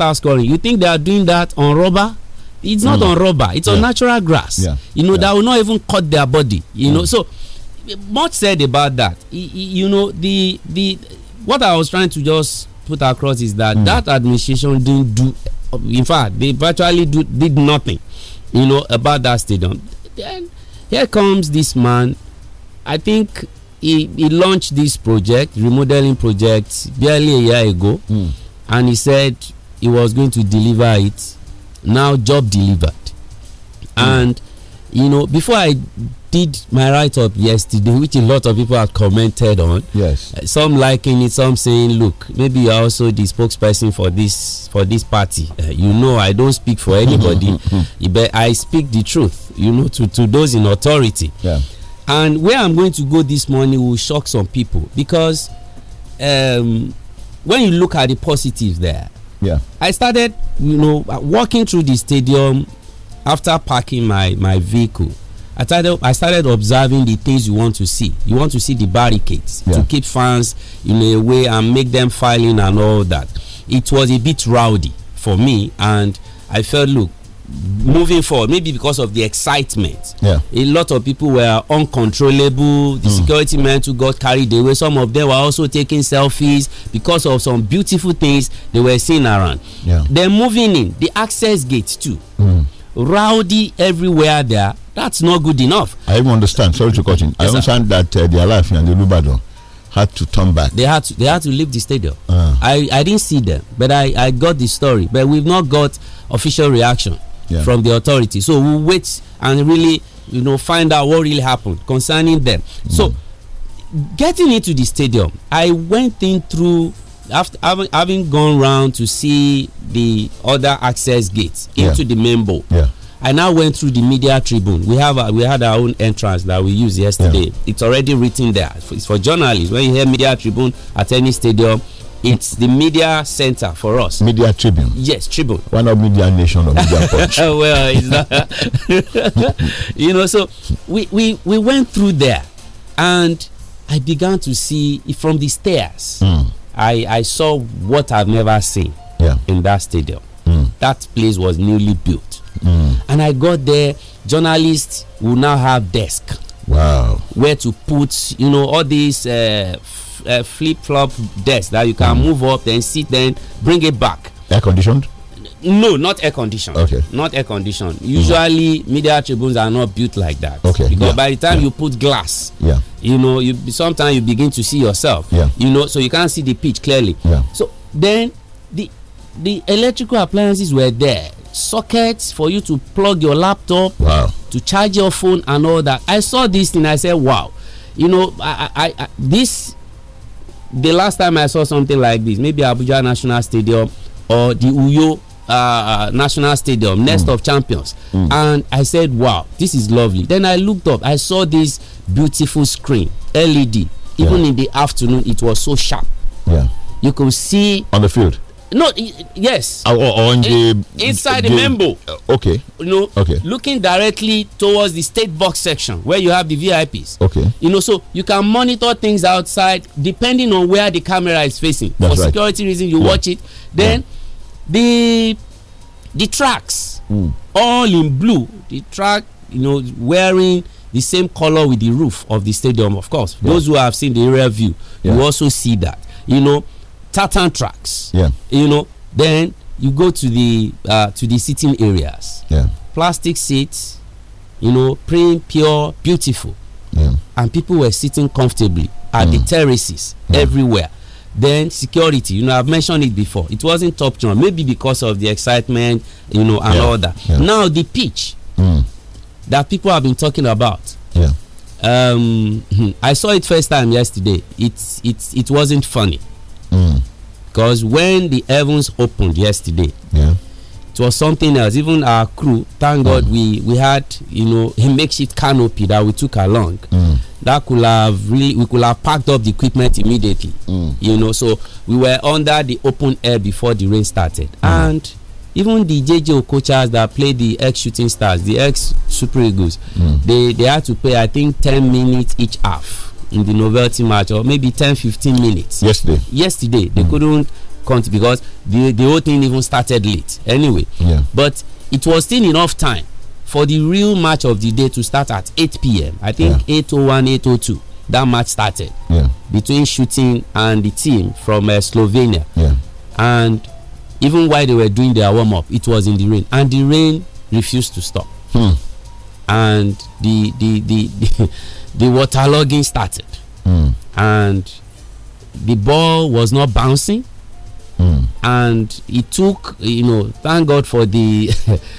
after scoring. You think they are doing that on rubber? It's not on rubber. It's on natural grass. You know that will not even cut their body. You know mm. so much said about that. You know the the what I was trying to just put across is that mm. that administration didn't do. In fact, they virtually do, did nothing. You know about that stadium. Then here comes this man. I think he, he, launched this project, remodeling project, barely a year ago, mm. and he said he was going to deliver it now job delivered mm. and you know before i did my write-up yesterday which a lot of people have commented on yes uh, some liking it some saying look maybe you're also the spokesperson for this for this party uh, you know i don't speak for anybody but i speak the truth you know to to those in authority yeah and where i'm going to go this morning will shock some people because um, when you look at the positives there yeah. I started, you know, walking through the stadium after parking my my vehicle. I started, I started observing the things you want to see. You want to see the barricades yeah. to keep fans in a way and make them filing and all that. It was a bit rowdy for me, and I felt, look, moving forward maybe because of the excitement yeah. a lot of people were uncontrollable the mm. security men who got carried away some of them were also taking selfies because of some beautiful things they were seeing around yeah. are moving in the access gate too mm. rowdy everywhere there that's not good enough i even understand sorry to cut in yes, i understand sir. that uh, are laughing and the lubadon had to turn back. They had to, they had to leave the stadium. Uh. I, I didn't see them, but I, I got the story. But we've not got official reaction yeah. from the authority. So we wait and really, you know, find out what really happened concerning them. Mm. So getting into the stadium, I went in through after having, having gone round to see the other access gates into yeah. the main bowl. Yeah. I now went through the media tribune. We have a, we had our own entrance that we used yesterday. Yeah. It's already written there. It's for journalists. When you hear media tribune at any stadium, it's the media center for us. Media Tribune. Yes, Tribune. One of Media Nation of Media Punch. well, it's not. you know, so we, we, we went through there and I began to see from the stairs. Mm. I, I saw what I've never seen yeah. in that stadium. Mm. That place was newly built. Mm. And I got there, journalists will now have desk. Wow. Where to put, you know, all these uh, uh, flip flop desk that you can mm. move up, then sit, then bring it back. Air conditioned? No, not air conditioned. Okay. Not air conditioned. Mm. Usually, mm. media tribunes are not built like that. Okay. Because yeah. by the time yeah. you put glass, yeah, you know, you sometimes you begin to see yourself. Yeah. You know, so you can't see the pitch clearly. Yeah. So then the the electrical appliances were there sockets for you to plug your laptop wow. to charge your phone and all that i saw this thing i said wow you know i i, I this the last time I saw something like this, maybe Abuja National Stadium or the Uyo uh, uh, National Stadium, Nest mm. of Champions. Mm. And I said, wow, this is lovely. Then I looked up, I saw this beautiful screen, LED. Even yeah. in the afternoon, it was so sharp. Yeah. You could see on the field no, yes. Uh, on the inside the, the membo. Uh, okay. You no. Know, okay. Looking directly towards the state box section where you have the VIPs. Okay. You know, so you can monitor things outside depending on where the camera is facing. That's For right. security reasons, you yeah. watch it. Then yeah. the the tracks mm. all in blue. The track, you know, wearing the same color with the roof of the stadium. Of course, yeah. those who have seen the rear view, you also see that. You know tartan tracks. Yeah. You know, then you go to the uh, to the sitting areas. Yeah. Plastic seats, you know, plain, pure, beautiful. Yeah. And people were sitting comfortably at mm. the terraces everywhere. Then security, you know, I've mentioned it before. It wasn't top turn, maybe because of the excitement, you know, and yeah. all that. Yeah. Now the pitch mm. that people have been talking about. Yeah. Um, I saw it first time yesterday. It's it's it wasn't funny. Mm. Because mm. when the heavens opened yesterday, yeah. it was something else. Even our crew, thank God, mm. we we had you know a makeshift canopy that we took along. Mm. That could have really we could have packed up the equipment immediately. You know, so we were under the open air before the rain started, and even the JJ Okochas that play the ex shooting stars, the ex Super Eagles, mm. they, they had to pay, I think, 10 minutes each half in the novelty match or maybe 10 15 minutes yesterday yesterday they mm. couldn't count because the the whole thing even started late anyway yeah. but it was still enough time for the real match of the day to start at 8 p.m i think yeah. 801 802 that match started yeah. between shooting and the team from uh, slovenia yeah. and even while they were doing their warm-up it was in the rain and the rain refused to stop hmm. and the the the, the the waterlogging started. Mm. And the ball was not bouncing. Mm. And it took, you know, thank God for the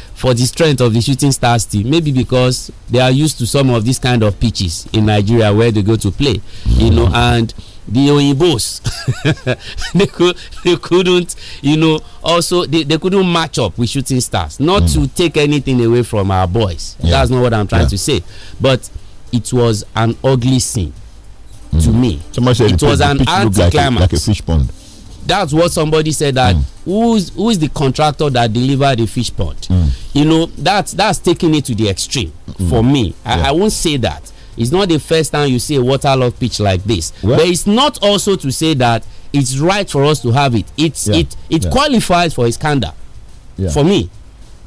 for the strength of the shooting stars team. Maybe because they are used to some of these kind of pitches in Nigeria where they go to play. Mm. You hmm. know, and the Oyinbos they could they couldn't, you know, also they, they couldn't match up with shooting stars. Not mm. to take anything away from our boys. Yeah. That's not what I'm trying yeah. to say. But it was an ugly scene mm. to me. Somebody said it was an anticlimax. Like, like, a fish pond. That's what somebody said that mm. who's who's the contractor that delivered the fish pond? Mm. You know, that's that's taking it to the extreme mm. for me. I, yeah. I, won't say that. It's not the first time you see a waterlogged pitch like this. What? But it's not also to say that it's right for us to have it. It's yeah. it it yeah. qualifies for a scandal. For me.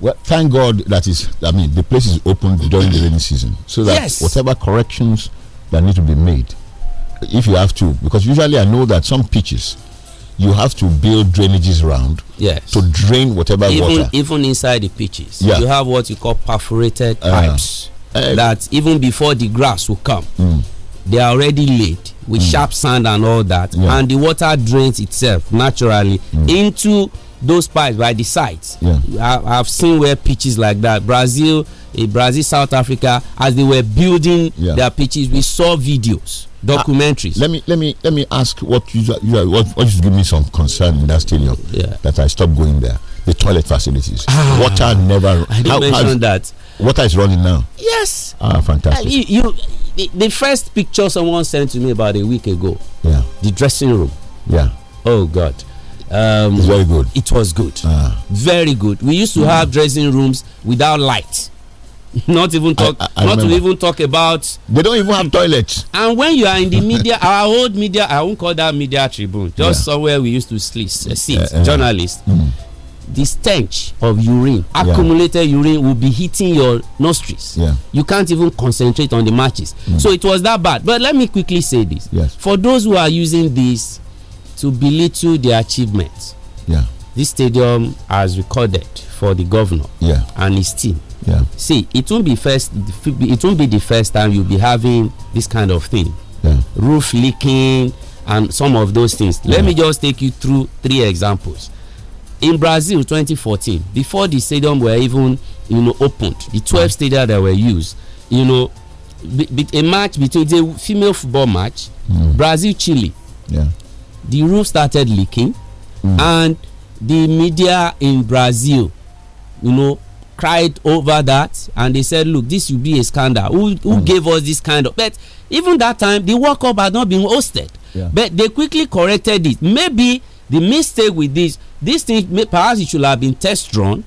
Well, thank God that is. I mean, the place is open during the rainy season, so that yes. whatever corrections that need to be made, if you have to, because usually I know that some pitches you have to build drainages around yes. to drain whatever even, water. Even inside the pitches, yeah. you have what you call perforated uh, pipes uh, that even before the grass will come, mm. they are already laid with mm. sharp sand and all that, yeah. and the water drains itself naturally mm. into those pipes by the sides. Yeah. I, have seen where pitches like that, Brazil, eh, Brazil, South Africa, as they were building yeah. their pitches, we saw videos, documentaries. Uh, let me let me let me ask what you what what you give me some concern in that stadium yeah. that I stopped going there. The toilet facilities, ah, water never. I didn't how, mention that. Water is running now. Yes. Ah, fantastic. Uh, you, you the, the, first picture someone sent to me about a week ago. Yeah. The dressing room. Yeah. Oh God um, it's very good. It was good. Ah. Very good. We used to mm. have dressing rooms without light. not even talk. I, I not to even talk about. They don't even have toilets. And when you are in the media, our old media, I won't call that media tribune. Just yeah. somewhere we used to sleep, uh, sit, uh, eh, uh, eh, eh. journalists. Mm. The stench of urine, yeah. accumulated urine, will be hitting your nostrils. Yeah. You can't even concentrate on the matches. Mm. So it was that bad. But let me quickly say this. Yes. For those who are using these to belittle their achievements. Yeah. This stadium has recorded for the governor yeah. and his team. Yeah. See, it won't be first. It won't be the first time you'll be having this kind of thing. Yeah. Roof leaking and some of those things. Yeah. Let me just take you through three examples. In Brazil, 2014, before the stadium were even you know opened, the 12 mm. stadiums that were used, you know, a match between the female football match, mm. Brazil Chile. Yeah the roof started leaking mm. and the media in brazil you know cried over that and they said look this will be a scandal who, who mm. gave us this kind of but even that time the world cup had not been hosted yeah. but they quickly corrected it maybe the mistake with this this thing perhaps it should have been test drawn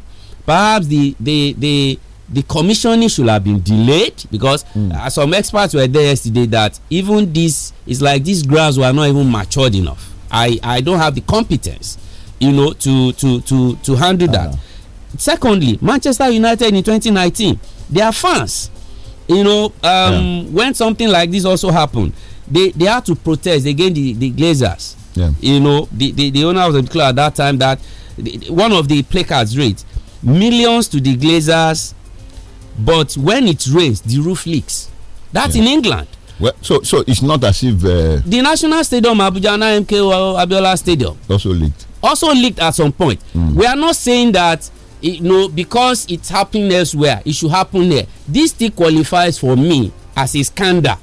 perhaps the the the the commissioning should have been delayed because mm. uh, some experts were there yesterday that even this is like these grounds were not even matured enough. I I don't have the competence, you know, to to to to handle uh -huh. that. Uh-huh. Secondly, Manchester United in 2019, their fans, you know, um, yeah. when something like this also happened, they they had to protest against the the Glazers. Yeah. You know, the, the the owner of the club at that time that the, one of the placards read millions to the Glazers but when it rains the roof leaks that's yeah. in england well, so so it's not as if uh, the national stadium abuja na mk uh, abiola stadium also leaked also leaked at some point mm. we are not saying that you know because it's happening elsewhere it should happen there this still qualifies for me as a scandal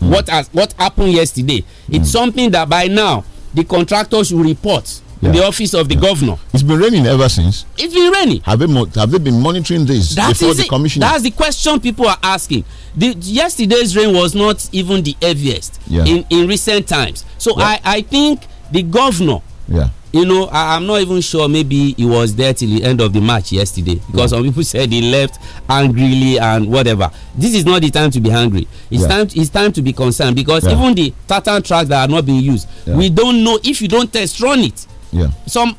mm. what has what happened yesterday it's mm. something that by now the contractor should report yeah. in the office of the yeah. governor. It's been raining ever since. It's been raining. Have they, have they been monitoring this that before the commission? That's the question people are asking. The, yesterday's rain was not even the heaviest yeah. in, in recent times. So I, I think the governor. Yeah. You know, I, am not even sure. Maybe he was there till the end of the match yesterday because some people said he left angrily and whatever. This is not the time to be angry. It's time. It's time to be concerned because even the tartan tracks that are not being used, we don't know if you don't test run it yeah. Some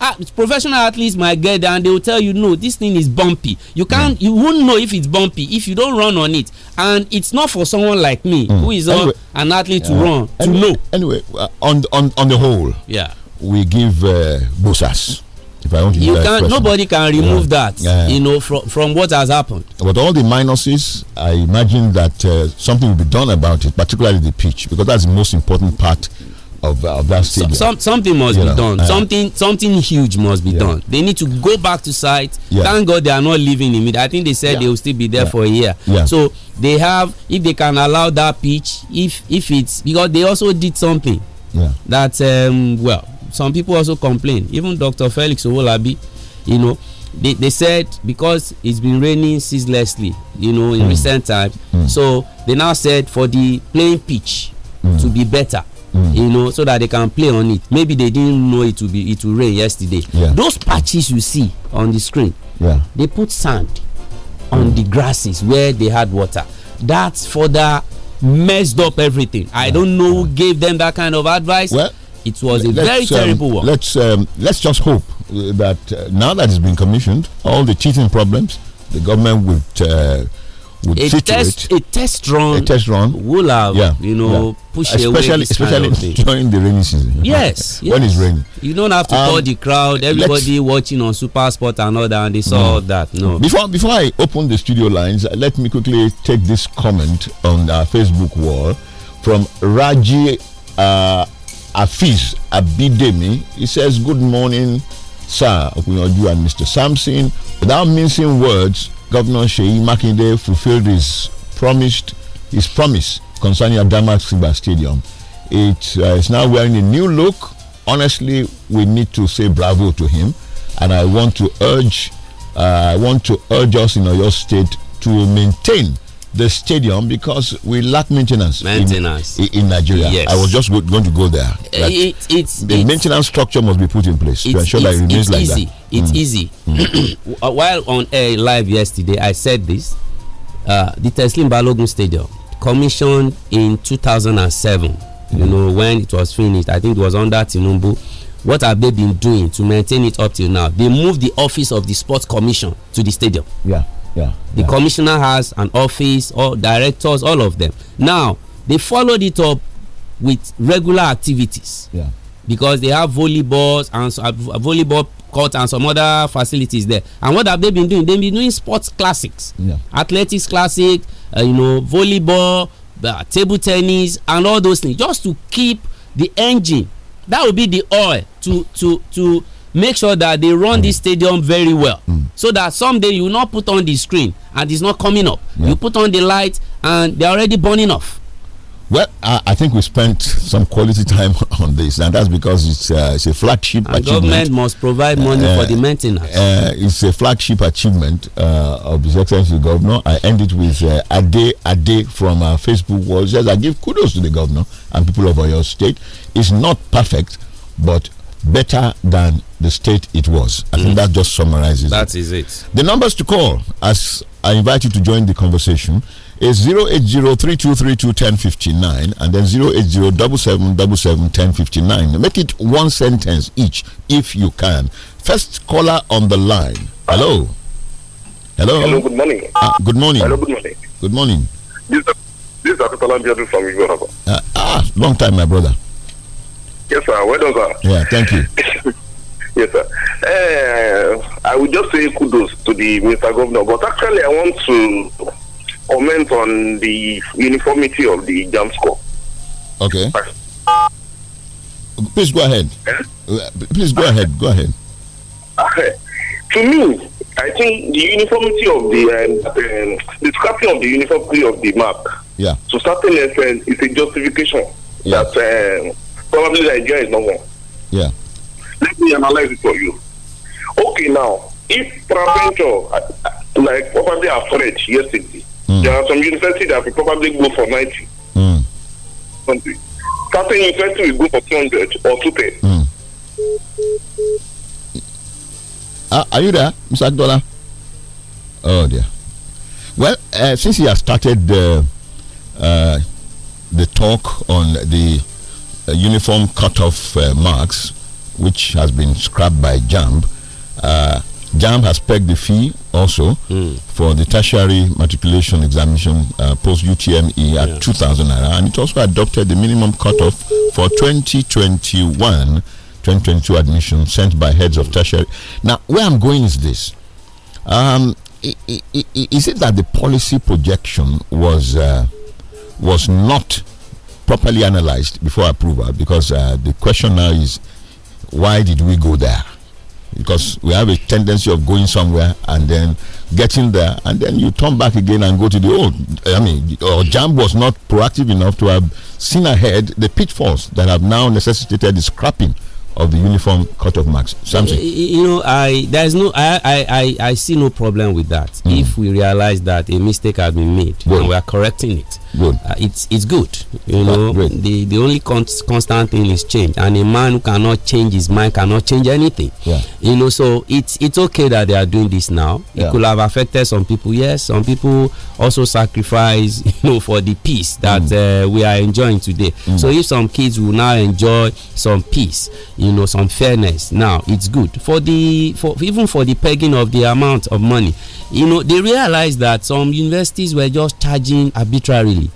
uh, professional athletes might get there and they will tell you no this thing is bumpy you can't you won't know if it's bumpy if you don't run on it and it's not for someone like me mm. who is anyway, an athlete to run anyway, to know anyway uh, on on on the whole yeah we give uh, if i want not you can nobody can remove yeah. that yeah. you know from from what has happened but all the minuses i imagine that uh, something will be done about it particularly the pitch because that's the most important part of, uh, of that stadium. Some, something must you be know, done. Uh, something something huge must be yeah. done. They need to go back to site. Yeah. Thank God they are not leaving in it. I think they said yeah. they will still be there for a year. So they have if they can allow that pitch if if it's because they also did something. That um, well some people also complain. Even Dr. Felix Owolabi, you know, they, they said because it's been raining ceaselessly, you know, in mm. recent times. Mm. So they now said for the playing pitch mm. to be better Mm. you know so that they can play on it maybe they didn't know it will be it will rain yesterday yeah. those patches you see on the screen yeah. they put sand on mm. the grasses where they had water that's further messed up everything yeah. i don't know who gave them that kind of advice well, it was a very um, terrible one let's um, let's just hope uh, that uh, now that it's been commissioned all the cheating problems the government would uh, would a test, a test run, a test run will have, yeah, you know, yeah. push especially, especially during the rainy season. Yes, yes, when it's raining, you don't have to um, call the crowd. Everybody watching on Super Sport and all that, and they saw mm. that. No, before before I open the studio lines, let me quickly take this comment on our Facebook wall from Raji uh, Afiz Abidemi. He says, "Good morning." Sir you and Mr. Sampson, without mincing words, Governor Sheyi Makinde fulfilled his promised his promise concerning Abdama Simba Stadium. It uh, is now wearing a new look. Honestly, we need to say bravo to him, and I want to urge uh, I want to urge us in Oyo State to maintain the stadium because we lack maintenance. Maintenance in, in Nigeria. Yes. I was just go, going to go there. Eh, it, it's the maintenance structure must be put in place to ensure that it remains like easy. that. It's mm. easy. Mm. Uh, while on air live yesterday, I said this: uh, the Teslim Balogun Stadium, commissioned in 2007. Mm. You know when it was finished. I think it was under Tinubu. What have they been doing to maintain it up till now? They moved the office of the sports commission to the stadium. Yeah yeah, the commissioner has an office, or directors, all of them. Now they followed it up with regular activities. Yeah. Because they have volleyballs and so, uh, volleyball court and some other facilities there. And what have they been doing? They've been doing sports classics, yeah. athletics classic, uh, you know, volleyball, uh, table tennis, and all those things, just to keep the engine. That would be the oil to to to make sure that they run mm. this stadium very well mm. so that someday you not put on the screen and it's not coming up yeah. you put on the light and they're already burning off well, I, I, think we spent some quality time on this, and that's because it's, uh, it's a flagship and achievement. Government must provide money uh, for the uh, maintenance. Uh, it's a flagship achievement uh, of His Excellency Governor. I end it with uh, a day a day from our Facebook was says I give kudos to the governor and people of our State. It's not perfect, but better than the state it was. I mm. think that just summarizes That it. The numbers to call, as I invite you to join the conversation, is 080-3232-1059 and then 080-777-1059. Make it one sentence each, if you can. First caller on the line. Hello. Hello. Hello, good morning. Ah, good morning. Hello, good morning. Good morning. This is, this is from Igoraba. Ah, ah, long time, my brother. Yes, sir. Well done, sir. Yeah, thank you. yes, sir. Uh, I would just say kudos to the Mr. Governor, but actually, I want to comment on the uniformity of the jump score. Okay. Uh, Please go ahead. Eh? Please go ahead. Go ahead. Eh, to me, I think the uniformity of the um, the scrapping of the uniformity of the map, yeah, to certain extent, is a justification that. Um, probably Nigeria is no one. Yeah. Let me analyze it for you. Okay, now, if Traventure, uh, uh, like probably afraid yesterday, mm. there are some universities that will probably go for 90. Mm. Certain university will go for 200 or two hundred. Mm. Uh, are you there, Mr. Akdola? Oh, dear. Well, uh, since he has started the, uh, the talk on the uniform cutoff uh, marks, which has been scrapped by JAMB. Uh, JAMB has pegged the fee also mm. for the tertiary matriculation examination uh, post UTME at yeah. 2000 naira, and it also adopted the minimum cutoff for 2021 2022 admission sent by heads of tertiary. Now, where I'm going is this. Um, is it that the policy projection was uh, was not properly analyzed before approval because uh, the question now is why did we go there? Because we have a tendency of going somewhere and then getting there, and then you turn back again and go to the old. I mean, or Jam was not proactive enough to have seen ahead the pitfalls that have now necessitated the scrapping of the uniform cut of marks. Something. Eh, you know, I there is no I, I I I see no problem with that mm. if we realize that a mistake has been made well, and we are correcting it Good. Uh, it's it's good. You know, Great. the the only const constant thing is change, and a man who cannot change his mind cannot change anything. Yeah. You know, so it's it's okay that they are doing this now. It could have affected some people. Yes, some people also sacrifice, you know, for the peace that mm. uh, we are enjoying today. Mm. So if some kids will now enjoy some peace, you know, some fairness, now it's good for the for even for the pegging of the amount of money. You know, they realize that some universities were just charging arbitrarily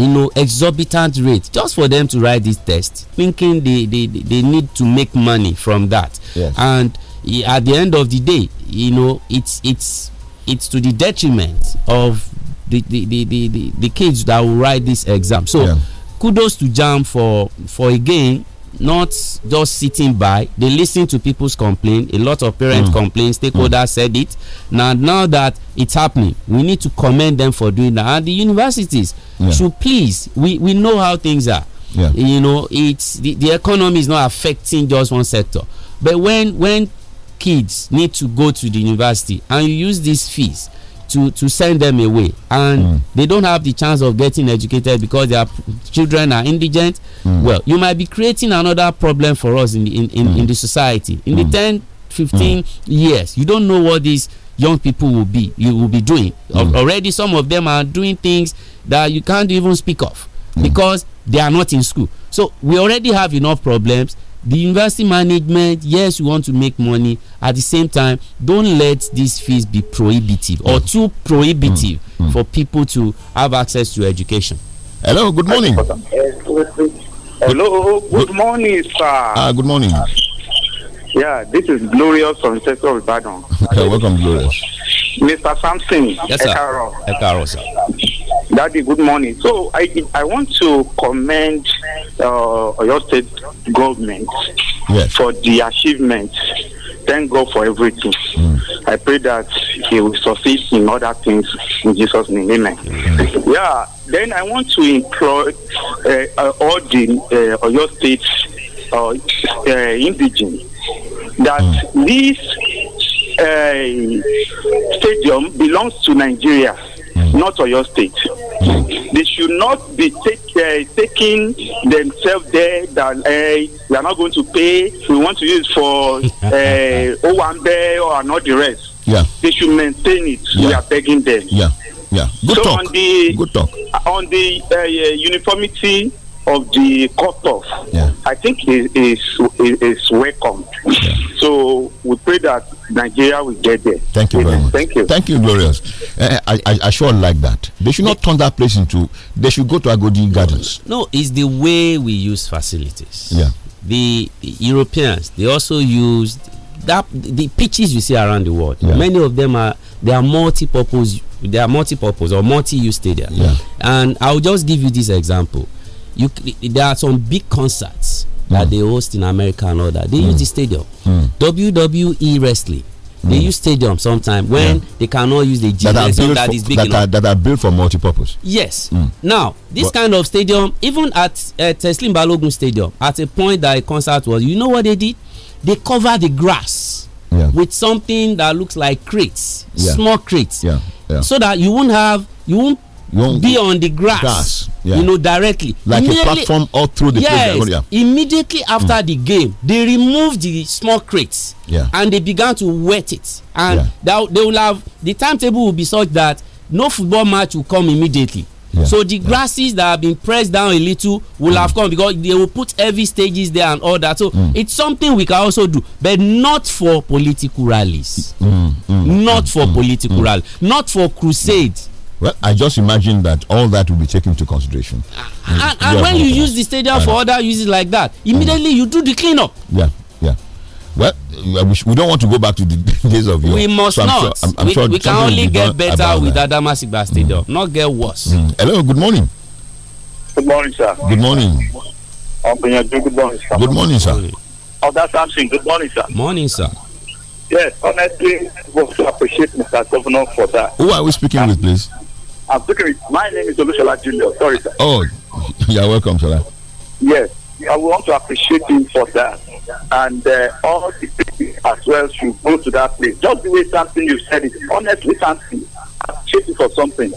you know exorbitant rate just for them to write this test thinking they they, they need to make money from that yes. and eh, at the end of the day you know it's it's it's to the detriment of the the the the, the, the kids that will write this exam so yeah. kudos to jam for for again not just sitting by they listen to people's complaint a lot of parents mm. complain stakeholders mm. said it now now that it's happening we need to commend them for doing that and the universities yeah. should please we we know how things are yeah. you know it's the, the economy is not affecting just one sector but when when kids need to go to the university and you use these fees to to send them away and mm. they don't have the chance of getting educated because their children are indigent mm. well you might be creating another problem for us in the, in, in, mm. in hmm. the society in the hmm. 10 15 hmm. years you don't know what these young people will be you will be doing already some of them are doing things that you can't even speak of because they are not in school so we already have enough problems the university management yes you want to make money at the same time don't let these fees be prohibitive or mm. too prohibitive mm. mm. for people to have access to education. hello good morning. hello good morning sir. Uh, good morning. Yeah, this is Glorious from the sector of Ibadan. Okay, welcome, Glorious. Mr. Sampson. Yes, sir. Ekaro. sir. Daddy, good morning. So, I I want to commend uh, your state government yes. for the achievements. Thank God for everything. Mm. I pray that he will succeed in other things in Jesus' name. Amen. Mm. Yeah, then I want to employ uh, uh, all the uh, your state uh, uh, indigenous that this uh, stadium belongs to Nigeria, mm. not Oyo State. Mm. They should not be take, uh, taking themselves there that uh, we are not going to pay, we want to use for uh, Owambe or not the rest. Yeah. They should maintain it. Yeah. We are begging them. Yeah, yeah. Good so talk. On the, Good talk. On the uh, uniformity of the cutoff, yeah. I think is it, is welcomed. Yeah. So we pray that Nigeria will get there. Thank you very much. Thank you. Thank you, Glorious. Uh, I, I, I sure like that. They should not turn that place into. They should go to Agodi Gardens. No, it's the way we use facilities. Yeah. The Europeans they also used that the pitches you see around the world. Yeah. Many of them are they are multi-purpose. They are multi-purpose or multi-use stadium. Yeah. And I'll just give you this example you there are some big concerts that hmm. they host in America and all that. They mm. use hmm. the stadium. Mm. WWE wrestling. They hmm. use stadium sometimes when yeah. they cannot use the gym that, big that enough. Are, that are built for multi-purpose. Yes. Now this but, kind of stadium, even at uh, Teslim Balogun Stadium, at a point that a concert was, you know what they did? They cover the grass yeah. with something that looks like crates, yeah. small crates, so that you won't have you won't, you won't be on the grass. grass yeah. you know, directly. Like Nearly, a platform all through the yes, Yeah. Immediately after mm. the game, they removed the small crates yeah. and they began to wet it. And yeah. that, they will have the timetable will be such that no football match will come immediately. Yeah, so the grasses yeah. that have been pressed down a little will mm. have come because they will put heavy stages there and all that so mm. it's something we can also do but not for political rallies mm, mm. not for mm. political mm. rallies not for crusades well, I just imagine that all that will be taken into consideration. And, ah, and, ah, ah, when you use the stadium for other uses like that, immediately you do the cleanup. Yeah, yeah. Well, we don't want to go back to the days of your. We must so not. Sure, I'm, I'm we, sure we can only get better with Adamasigba Stadium, mm. not get worse. Mm. Hello, good morning. Good morning, sir. Good morning. Good morning, sir. Good morning, sir. Oh, that's something. Good morning, sir. Morning, sir. Yes, honestly, I want to appreciate Mr. Governor for that. Who are we speaking um, with, please? I'm My name is Olushola Junior. Sorry, sir. Oh, you're welcome, Shola. Yes, I want to appreciate him for that. And uh, all the people as well should go to that place. Just the way something you said is honestly, something, appreciate you for something.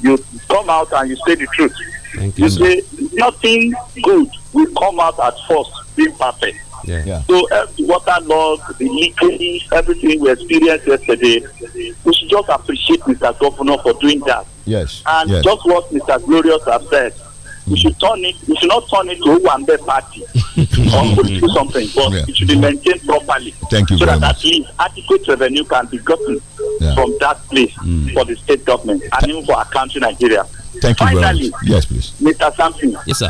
You come out and you say the truth. Thank you, you say nothing good will come out at first being perfect. Yeah. Yeah. So uh, the water log, the leakage, everything we experienced yesterday, we should just appreciate Mr. Governor for doing that. Yes. And yes. just what Mr. Glorious has said, we mm. should turn it we should not turn it to one bad party or do something but yeah. it should be maintained properly thank you so that much. at least adequate revenue can be gotten yeah. from that place mm. for the state government and Th even for our country nigeria thank finally, you finally yes please mr samson yes sir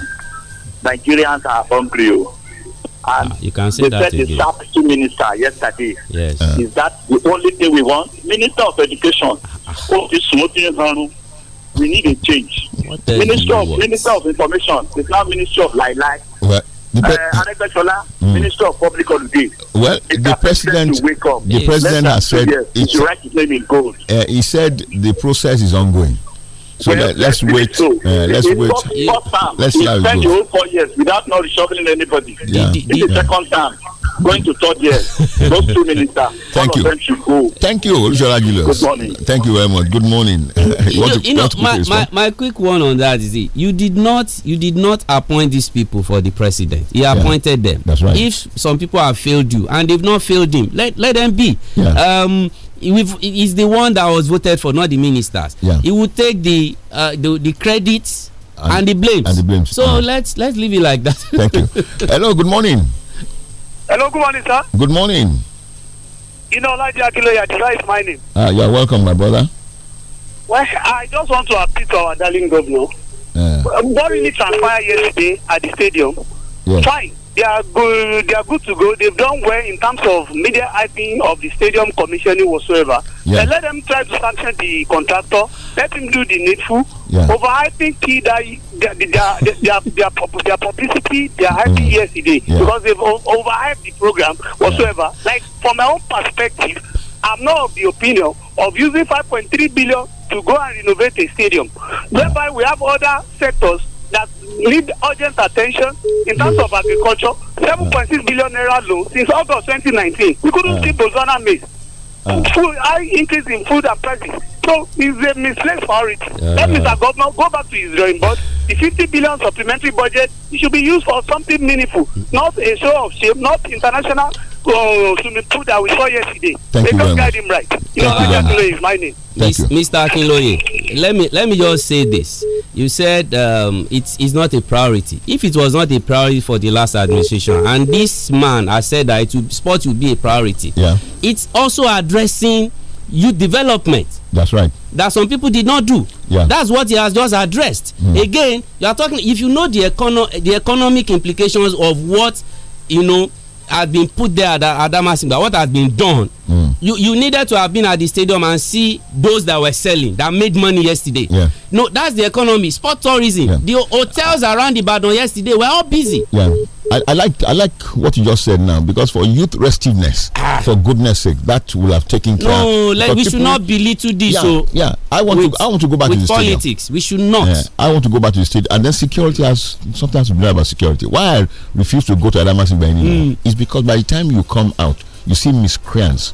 nigerians are hungry oh. and ah, you can say they that said the sap two minister yesterday yes uh. is that the only thing we want minister of education ah. oh, we need a change. Minister of, Minister of Information is now Minister of Lai Lai. Well, the uh, mm. Minister of Public Holiday. Well, the president, wake up. the president has said, yes. he, right name in gold. Uh, he said the process is ongoing. So well, that, let's wait. So uh, let's it, wait. First, first time, let's see spent the whole four years without not reshuffling anybody. Yeah. It's the yeah. second time. Going to third year. Those two ministers. Thank you. Thank you, Olushola Aguilar. Good morning. Thank you very much. Good morning. you, know, to, you know my, my, my, quick one on that is it, you did not you did not appoint these people for the president. He appointed yeah, them. That's right. If some people have failed you and they've not failed him, let let them be. Um, he's the one that was voted for, not the ministers. Yeah. He would take the uh, the, the credits and, and, the blames. And the blames. So uh-huh. let's let's leave it like that. Thank you. Hello, good morning. Hello, good morning, sir. Good morning. You know, Ladi Akiloya, is my name. Ah, you're welcome, my brother. Well, I just want to appeal to our darling governor. Yeah. What um, really transpired yesterday at the stadium, yeah. fine they are good. They are good to go. They've done well in terms of media hyping of the stadium commissioning whatsoever. Yeah. let them try to sanction the contractor. Let him do the needful. Yeah. Overhyping key that their their, their, their, publicity, their hyping mm. yesterday yeah. because they've overhyped the program whatsoever. Yeah. Like from my own perspective, I'm not of the opinion of using 5.3 billion to go and renovate a stadium. Thereby, we have other sectors that need urgent attention in terms mm. of agriculture. Seven mm. point six billion naira loan since August 2019. We couldn't mm. see Bolzana maize. Food high increase in food and prices. So it's a for it. That means Mr. government go back to his drawing board. The 50 billion supplementary budget should be used for something meaningful, not a show of shame, not international oh, swimming pool that we saw yesterday. Thank they you don't guide him right. You know, Akinloye is my name. Thank Mr. Akinloye, let me let me just say this. You said um, it's it's not a priority. If it was not a priority for the last administration, and this man has said that it will, will be a priority. Yeah. It's also addressing youth development. That's right. That some people did not do. Yeah. That's what he has just addressed. Mm. Again, you are talking. If you know the econo the economic implications of what you know had been put there at, at Damasimba, what has been done, mm. you, you needed to have been at the stadium and see those that were selling, that made money yesterday. Yeah. No, that's the economy. Sport tourism. Yeah. The hotels around the Ibadan yesterday were all busy. Yeah. I, I like I like what you just said now because for youth restiveness, ah. for goodness sake, that will have taken care. No, like we should not belittle this. Yeah, so oh. yeah, I want with, to I want to go back to the politics. Stadium. We should not. Yeah, I want to go back to the state, and then security has sometimes to be about security. Why I refuse to go to Adamasi anymore mm. is because by the time you come out, you see miscreants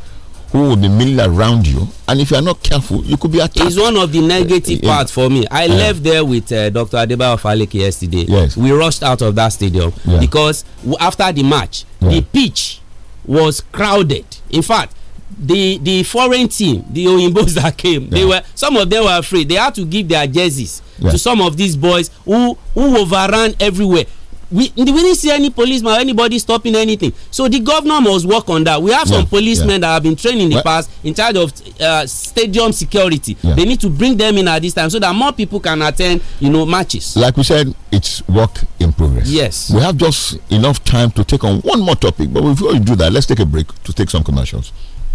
who will be around you and if you are not careful you could be attacked. it's one of the negative uh, parts for me i uh, left there with uh, dr adebayo faleke yesterday yes we rushed out of that stadium yeah. because after the match yeah. the pitch was crowded in fact the the foreign team the oyimbos that came yeah. they were some of them were afraid they had to give their jerseys yeah. to some of these boys who who overran everywhere we, we didn't see any policeman or anybody stopping anything. So the governor must work on that. We have yeah, some policemen yeah. that have been trained in the well, past in charge of uh, stadium security. Yeah. They need to bring them in at this time so that more people can attend, you know, matches. Like we said, it's work in progress. Yes. We have just enough time to take on one more topic, but before we do that, let's take a break to take some commercials.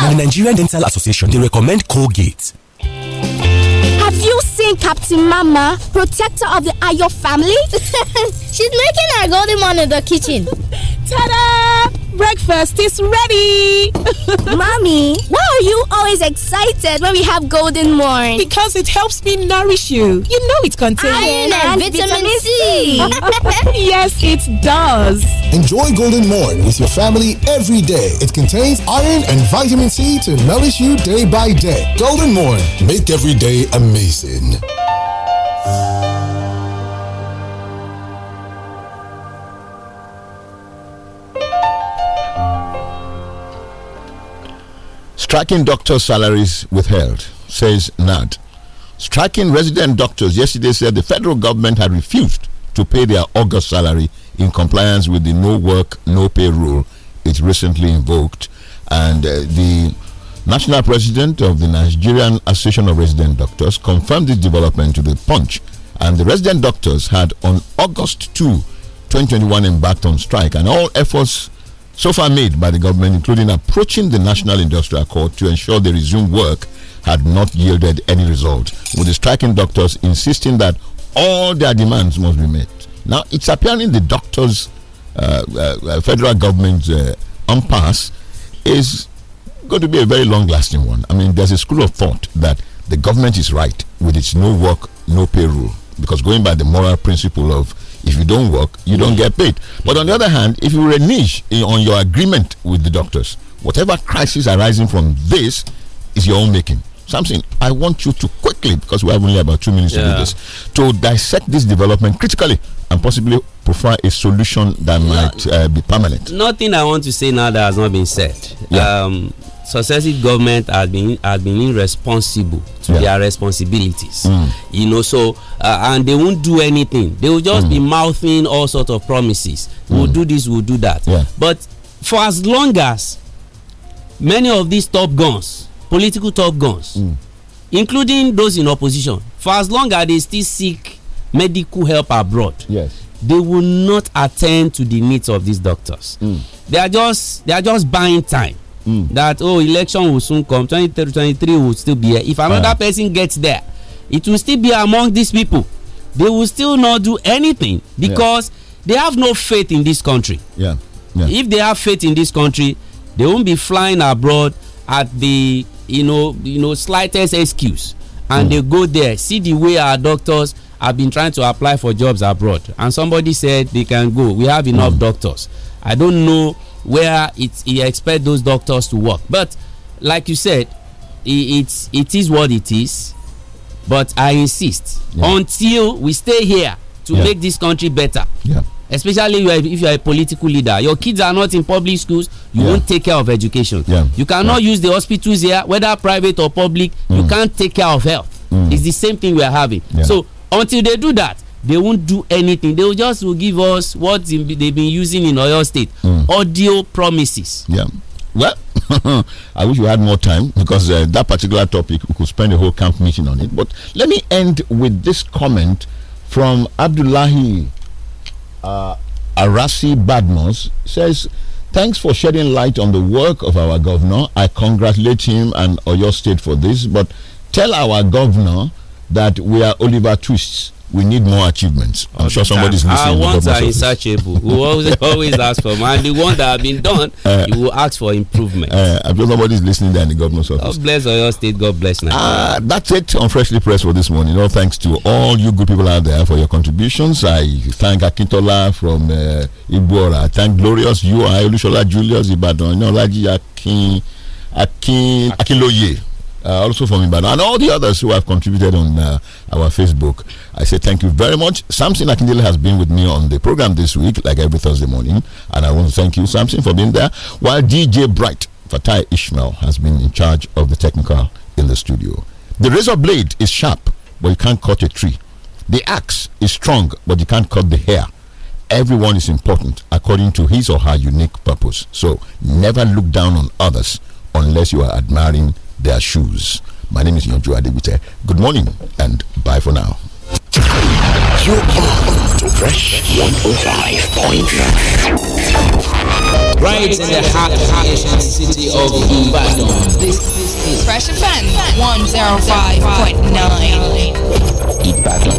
Now, the Nigerian Dental Association, they recommend Colgate. Have you seen Captain Mama, protector of the Ayo family? She's making her golden one in the kitchen. Ta-da! breakfast is ready. Mommy, why are you always excited when we have Golden Morn? Because it helps me nourish you. You know it contains iron and, and vitamin, vitamin C. yes, it does. Enjoy Golden Morn with your family every day. It contains iron and vitamin C to nourish you day by day. Golden Morn, make every day amazing. Striking doctors' salaries withheld, says NAD. Striking resident doctors yesterday said the federal government had refused to pay their August salary in compliance with the no work, no pay rule it recently invoked. And uh, the national president of the Nigerian Association of Resident Doctors confirmed this development to the Punch. And the resident doctors had on August 2, 2021, embarked on strike, and all efforts so far made by the government, including approaching the National Industrial Court to ensure they resume work, had not yielded any result, with the striking doctors insisting that all their demands must be met. Now, it's appearing the doctors' uh, uh, uh federal government's uh, impasse is going to be a very long lasting one. I mean, there's a school of thought that the government is right with its no work, no pay rule, because going by the moral principle of if you don't work, you don't get paid. But on the other hand, if you renege on your agreement with the doctors, whatever crisis arising from this is your own making. Something I want you to quickly, because we have only about two minutes yeah. to do this, to dissect this development critically and possibly provide a solution that might uh, be permanent. Nothing I want to say now that has not been said. Yeah. Um, successive government has been has been irresponsible to yeah. their responsibilities mm. you know so uh, and they won't do anything they will just mm. be mouthing all sorts of promises mm. we'll hmm. do this we'll do that yeah. but for as long as many of these top guns political top guns hmm. including those in opposition for as long as they still seek medical help abroad yes they will not attend to the needs of these doctors hmm. they are just they are just buying time that oh election will soon come 2023 will still be here if another uh. person gets there it will still be among these people they will still not do anything because yeah. they have no faith in this country yeah. yeah if they have faith in this country they won't be flying abroad at the you know you know slightest excuse and mm. they go there see the way our doctors have been trying to apply for jobs abroad and somebody said they can go we have enough mm. doctors i don't know where it, he expect those doctors to work. But like you said, it, it's it is what it is. But I insist yeah. until we stay here to yeah. make this country better. Yeah. Especially if you are a political leader, your kids are not in public schools. You won't take care of education. You cannot use the hospitals here, whether private or public. Mm. You can't take care of health. Mm. It's the same thing we are having. So until they do that, they won't do anything they will just will give us what they've been using in oil state mm. audio promises yeah well i wish we had more time because uh, that particular topic we could spend a whole camp meeting on it but let me end with this comment from abdullahi uh, arasi badmos says Thanks for shedding light on the work of our governor. I congratulate him and Oyo State for this, but tell our governor that we are Oliver Twists we need more achievements. I'm All sure somebody's listening. Our ones are insatiable. we always always ask for more. And the ones that have been done, uh, you will ask for improvement. Uh, I'm sure somebody's listening there in the governor's office. God bless Oyo State. God bless Nigeria. Uh, that's it on Freshly Pressed for this morning. All thanks to all you good people out there for your contributions. I thank Akintola from uh, Ibora. I thank Glorious, you, I, Olushola, Julius, Ibadan, Olaji, Akin, Akin, Akinloye. Akin uh, also from Ibadan, and all the others who have contributed on uh, our Facebook. I say thank you very much. Samson Akindele has been with me on the program this week, like every Thursday morning, and I want to thank you, Samson, for being there. While DJ Bright Fatai Ishmael has been in charge of the technical in the studio. The razor blade is sharp, but you can't cut a tree. The axe is strong, but you can't cut the hair. Everyone is important according to his or her unique purpose. So never look down on others unless you are admiring their shoes. My name is Yonjo Adebute. Good morning and bye for now. You to Fresh 105.9. Right in the heart of the city of Ibadan. This is Fresh Offense 105.9. Ibadan.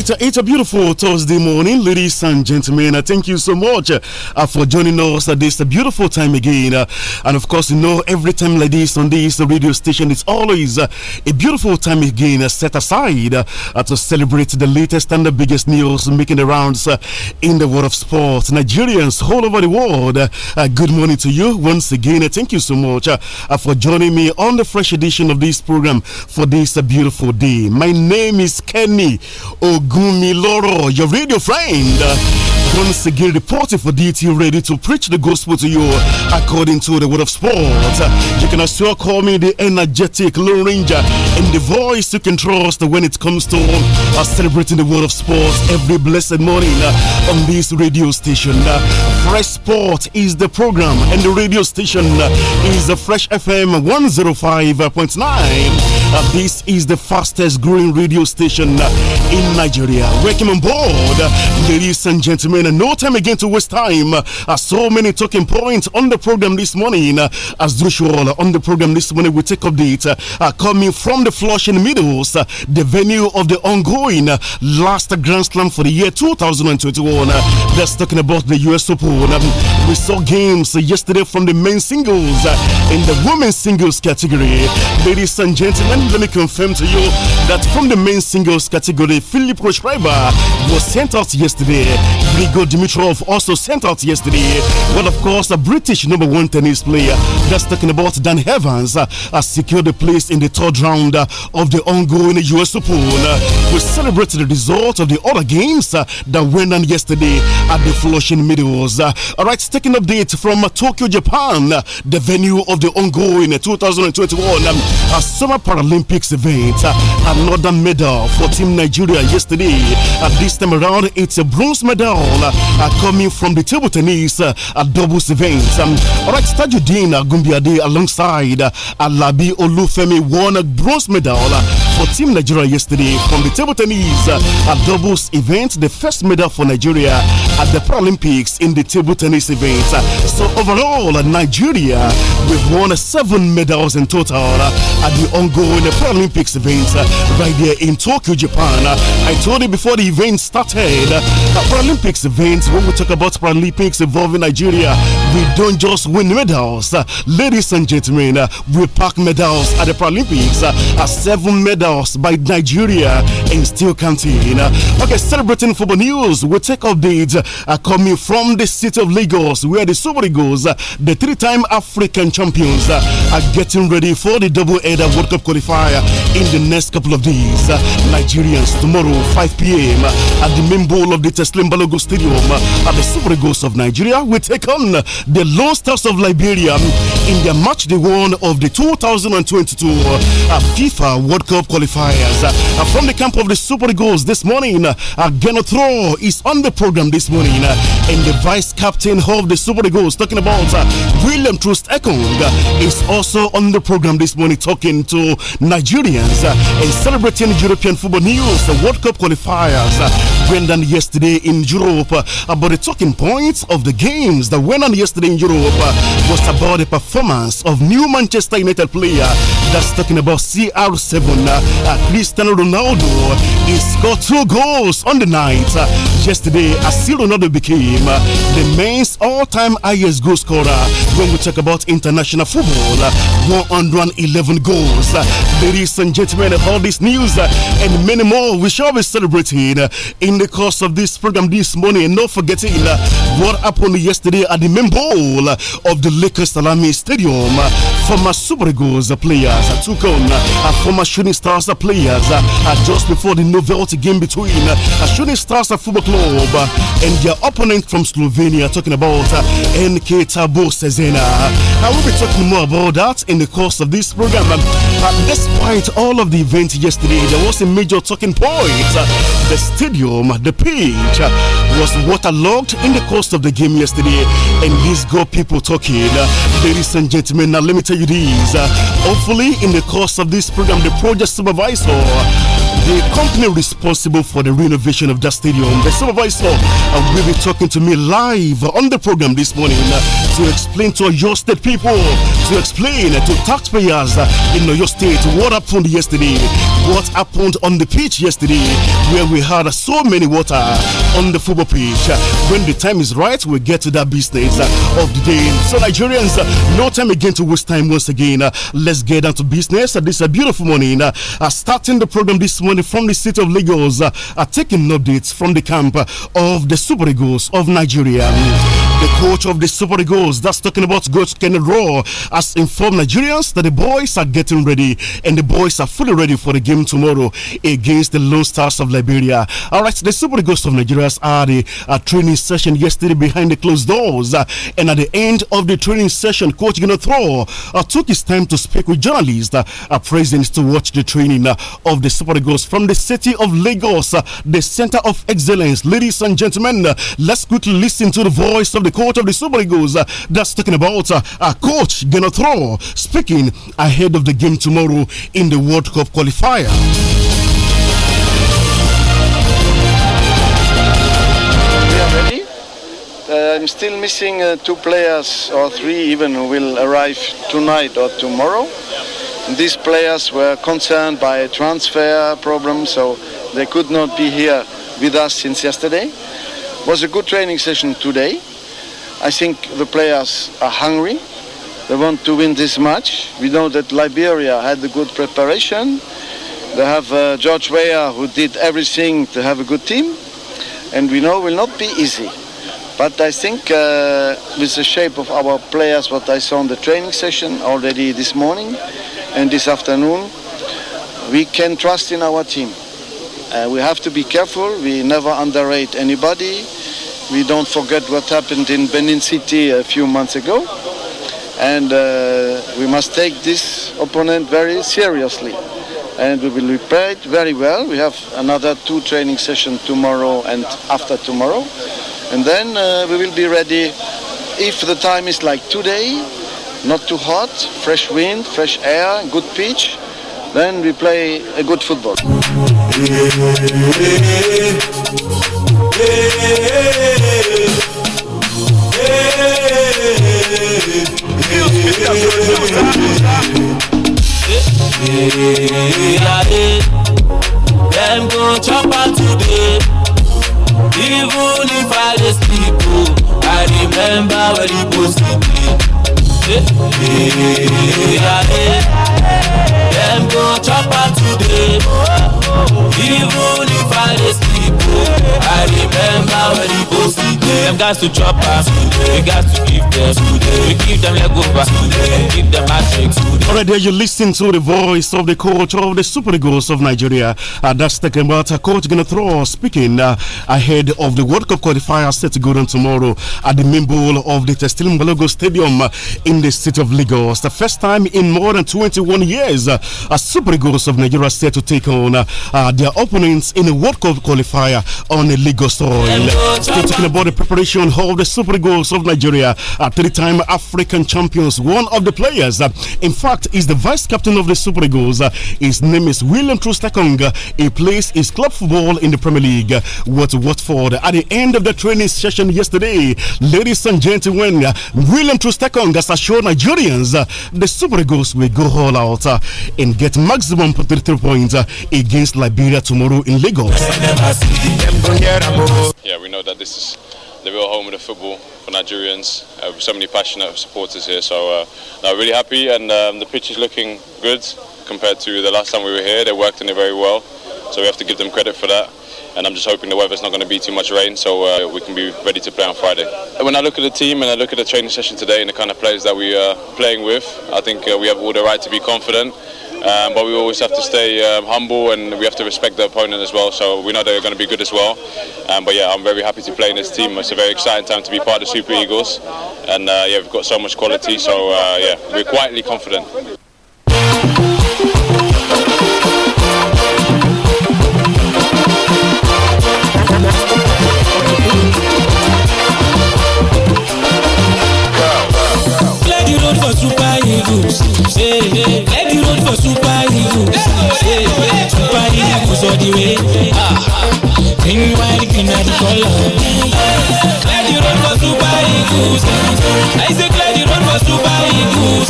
right, it's a beautiful Thursday morning, ladies and gentlemen. Uh, thank you so much uh, for joining us at this beautiful time again. Uh, and of course, you know, every time like this on this radio station, it's always uh, a beautiful time again uh, set aside uh, to celebrate the latest and the biggest news making the rounds in the world of sports, Nigerians all over the world, good morning to you once again. thank you so much for joining me on the fresh edition of this program for this beautiful day. My name is Kenny Og Gumiloro, your radio friend. Once again, reporting for DT ready to preach the gospel to you according to the word of sport. You can still call me the energetic Lone Ranger and the voice you can trust when it comes to uh, celebrating the world of sports every blessed morning uh, on this radio station. Uh, Fresh Sport is the program, and the radio station uh, is Fresh FM 105.9. Uh, this is the fastest growing radio station uh, in Nigeria. Welcome on board, ladies and gentlemen. No time again to waste time. Uh, so many talking points on the program this morning. Uh, as usual, on the program this morning, we take update uh, coming from the Flushing Meadows, uh, the venue of the ongoing uh, last Grand Slam for the year 2021. Uh, that's talking about the US Open. Um, we saw games yesterday from the men's singles uh, in the women's singles category. Ladies and gentlemen, and let me confirm to you that from the main singles category, Philip Proscriber was sent out yesterday. Igor Dimitrov also sent out yesterday. Well, of course, the British number one tennis player, just talking about Dan Evans, uh, has secured a place in the third round uh, of the ongoing US Open. Uh, we celebrated the result of the other games uh, that went on yesterday at the Flushing Meadows. Uh, all right, taking update from uh, Tokyo, Japan, uh, the venue of the ongoing 2021 um, Summer Paralympics event. another medal for Team Nigeria yesterday. At this time around, it's a bronze medal all uh, coming from the table tennis uh, doubles event. Um, all right, Tajuddin uh, Gumbiade alongside uh, Alabi Olufemi won a bronze medal uh, for Team Nigeria yesterday from the table tennis uh, doubles event, the first medal for Nigeria at the Paralympics in the table tennis event. Uh, so overall, Nigeria we've won seven medals in total at the ongoing Paralympics event right there in Tokyo, Japan. I told you before the event started, Paralympics events, when we talk about Paralympics involving Nigeria, we don't just win medals. ladies and gentlemen, we pack medals at the Paralympics, uh, seven medals by Nigeria and still counting. okay, celebrating football news, we take updates uh, coming from the city of Lagos, where the Super Eagles, uh, the three time African champions, uh, are getting ready for the double header World Cup qualifier in the next couple of days. Nigerians tomorrow, 5 p.m., at the main bowl of the Teslim Balogun Stadium uh, at the Super Eagles of Nigeria will take on the Lone Stars of Liberia um, in their match day one of the 2022 uh, FIFA World Cup qualifiers. Uh, from the camp of the Super Eagles this morning, Genotro is on the program this morning and the vice captain of the Super Eagles, talking about William Trust Ekong, is also on the program this morning talking to Nigerians and celebrating European football news, the World Cup qualifiers. Brendan yesterday in Europe Europe. Uh, but the talking points of the games that went on yesterday in Europe uh, was about the performance of new Manchester United player that's talking about CR7. Uh, Cristiano Ronaldo he scored two goals on the night yesterday as still Ronaldo became the men's all-time highest goal scorer when we talk about international football 111 goals ladies and gentlemen all this news and many more we shall be celebrating in the course of this program this morning. Not forgetting uh, what happened yesterday at the main bowl of the Lakers Salami Stadium. Former Super Eagles players took on uh, former Shooting Stars players just before the novelty game between uh, Shooting Stars Football Club and their opponent from Slovenia, talking about uh, NK Tabo Cezena. I will be talking more about that in the course of this program. Uh, despite all of the events yesterday, there was a major talking point. Uh, the stadium, the pitch, was waterlogged in the course of the game yesterday, and this got people talking. ladies and gentlemen, now let me tell you this. hopefully, in the course of this program, the project supervisor the company responsible for the renovation of that stadium, the supervisor, uh, will be talking to me live on the program this morning uh, to explain to your state people, to explain uh, to taxpayers uh, in your state what happened yesterday, what happened on the pitch yesterday, where we had so many water on the football pitch. Uh, when the time is right, we'll get to that business uh, of the day. So, Nigerians, no time again to waste time once again. Let's get down to business. This is a beautiful morning. Starting the program this morning from the state of Lagos uh, are taking updates from the camp of the Super Eagles of Nigeria. The coach of the Super Eagles, that's talking about Coach Kenny Raw, has informed Nigerians that the boys are getting ready and the boys are fully ready for the game tomorrow against the Lone Stars of Liberia. All right, the Super Eagles of Nigeria had a, a, training session yesterday behind the closed doors, uh, and at the end of the training session, Coach Gino Throw uh, took his time to speak with journalists uh, present to watch the training uh, of the Super Eagles from the city of Lagos, uh, the center of excellence. Ladies and gentlemen, uh, let's quickly listen to the voice of the the coach of the Super Eagles. Uh, that's talking about uh, uh, coach Throw speaking ahead of the game tomorrow in the World Cup qualifier. I'm still missing uh, two players or three even who will arrive tonight or tomorrow. These players were concerned by a transfer problem, so they could not be here with us since yesterday. It was a good training session today. I think the players are hungry. They want to win this match. We know that Liberia had a good preparation. They have uh, George Weah who did everything to have a good team. And we know it will not be easy. But I think uh, with the shape of our players, what I saw in the training session already this morning and this afternoon, we can trust in our team. Uh, we have to be careful. We never underrate anybody. We don't forget what happened in Benin City a few months ago. And uh, we must take this opponent very seriously. And we will prepare it very well. We have another two training sessions tomorrow and after tomorrow. And then uh, we will be ready if the time is like today, not too hot, fresh wind, fresh air, good pitch, then we play a good football. Dem go chop am today. Even if I sleep, I remember where for chopper today. Even if I dey sleep, I remember when the ghost dey. Them guys to chopper, we got to give them. We give them leg over, we give them magic. Already right, you listen to the voice of the coach of the Super Eagles of Nigeria. Uh, that's talking about a Coach gonna throw speaking uh, ahead of the World Cup qualifier set to go down tomorrow at the main bowl of the Testilum Balogo Stadium uh, in the city of Lagos. The first time in more than 21 years, uh, a Super Eagles of Nigeria set to take on uh, uh their opponents in a World Cup qualifier on a Lagos soil. Still talking about the preparation of the Super Eagles of Nigeria, uh, three-time African champions. One of the players, uh, in fact, is the vice captain of the Super Eagles. Uh, his name is William Trustakong. Uh, he plays his club football in the Premier League uh, with Watford. At the end of the training session yesterday, ladies and gentlemen, William Trustakong has assured Nigerians the Super Eagles will go all out and get maximum 33 points uh, against Liberia tomorrow in Lagos. Yeah, we know that this is the real home of the football for Nigerians. Uh, so many passionate supporters here, so uh, no, really happy. And um, the pitch is looking good compared to the last time we were here. They worked in it very well, so we have to give them credit for that. And I'm just hoping the weather's not going to be too much rain, so uh, we can be ready to play on Friday. When I look at the team and I look at the training session today and the kind of players that we are uh, playing with, I think uh, we have all the right to be confident. Um, but we always have to stay um, humble and we have to respect the opponent as well. So we know they're going to be good as well. Um, but yeah, I'm very happy to play in this team. It's a very exciting time to be part of the Super Eagles. And uh, yeah, we've got so much quality. So uh, yeah, we're quietly confident. battles. Hey, road for super eagles. super eagles all the way. Green, white, green are the color. Clear the road for super eagles. I say clear the road for super eagles.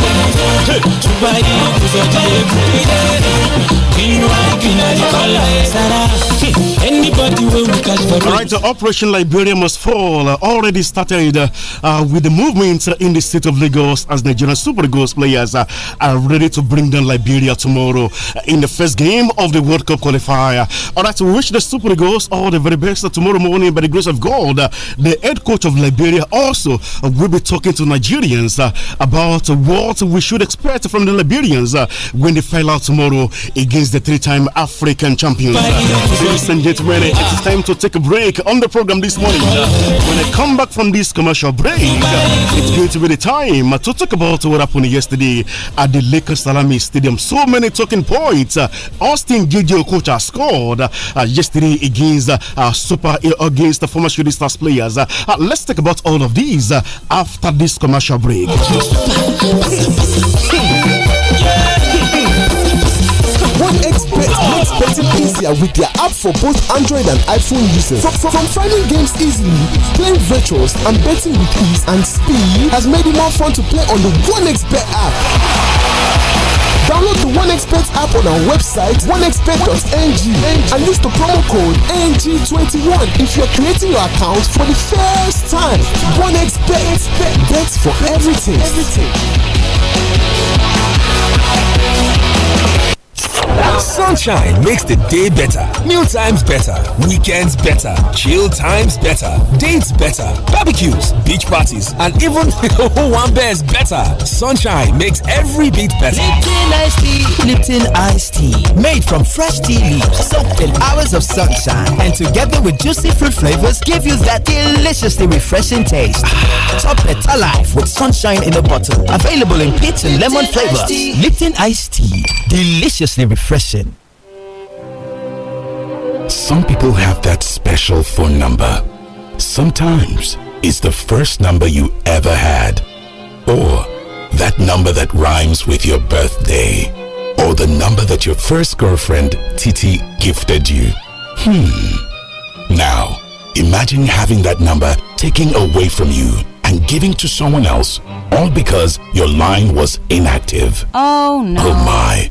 Super eagles all the way. Green, white, green are the color. All right, the Operation Liberia Must Fall uh, already started uh, with the movement in the state of Lagos as Nigerian Super Eagles players uh, are ready to bring down Liberia tomorrow uh, in the first game of the World Cup qualifier. All right, we wish the Super Eagles all the very best tomorrow morning by the grace of God. Uh, the head coach of Liberia also will be talking to Nigerians about what we should expect from the Liberians when they file out tomorrow against the three-time African champions. Ladies and gentlemen, it is time to take a break on the program this morning. When I come back from this commercial break, it's going to be the time to talk about what happened yesterday at the Lakers Salami Stadium. So many talking points. Austin coach has scored uh, yesterday against uh, Super against the former Shooting Stars players. Uh, let's talk about all of these after this commercial break. it easier with their app for both Android and iPhone users. From, from, from finding games easily, playing virtuals, and betting with ease and speed has made it more fun to play on the 1xBet app. Download the OneXpert app on our website, onexpert.ng, and use the promo code NG21 if you're creating your account for the first time. OneXpert, bets for everything. everything. Sunshine makes the day better, meal times better, weekends better, chill times better, dates better, barbecues, beach parties, and even one bears better. Sunshine makes every bit better. Lipton iced tea, Lipton iced tea, made from fresh tea leaves, soaked in hours of sunshine, and together with juicy fruit flavors, give you that deliciously refreshing taste. Ah, top it alive with sunshine in a bottle, available in peach and lemon flavors. Lipton iced tea, deliciously refreshing refreshing. Some people have that special phone number. Sometimes it's the first number you ever had, or that number that rhymes with your birthday, or the number that your first girlfriend, Titi, gifted you. Hmm. Now, imagine having that number taken away from you and giving to someone else, all because your line was inactive. Oh no. Oh my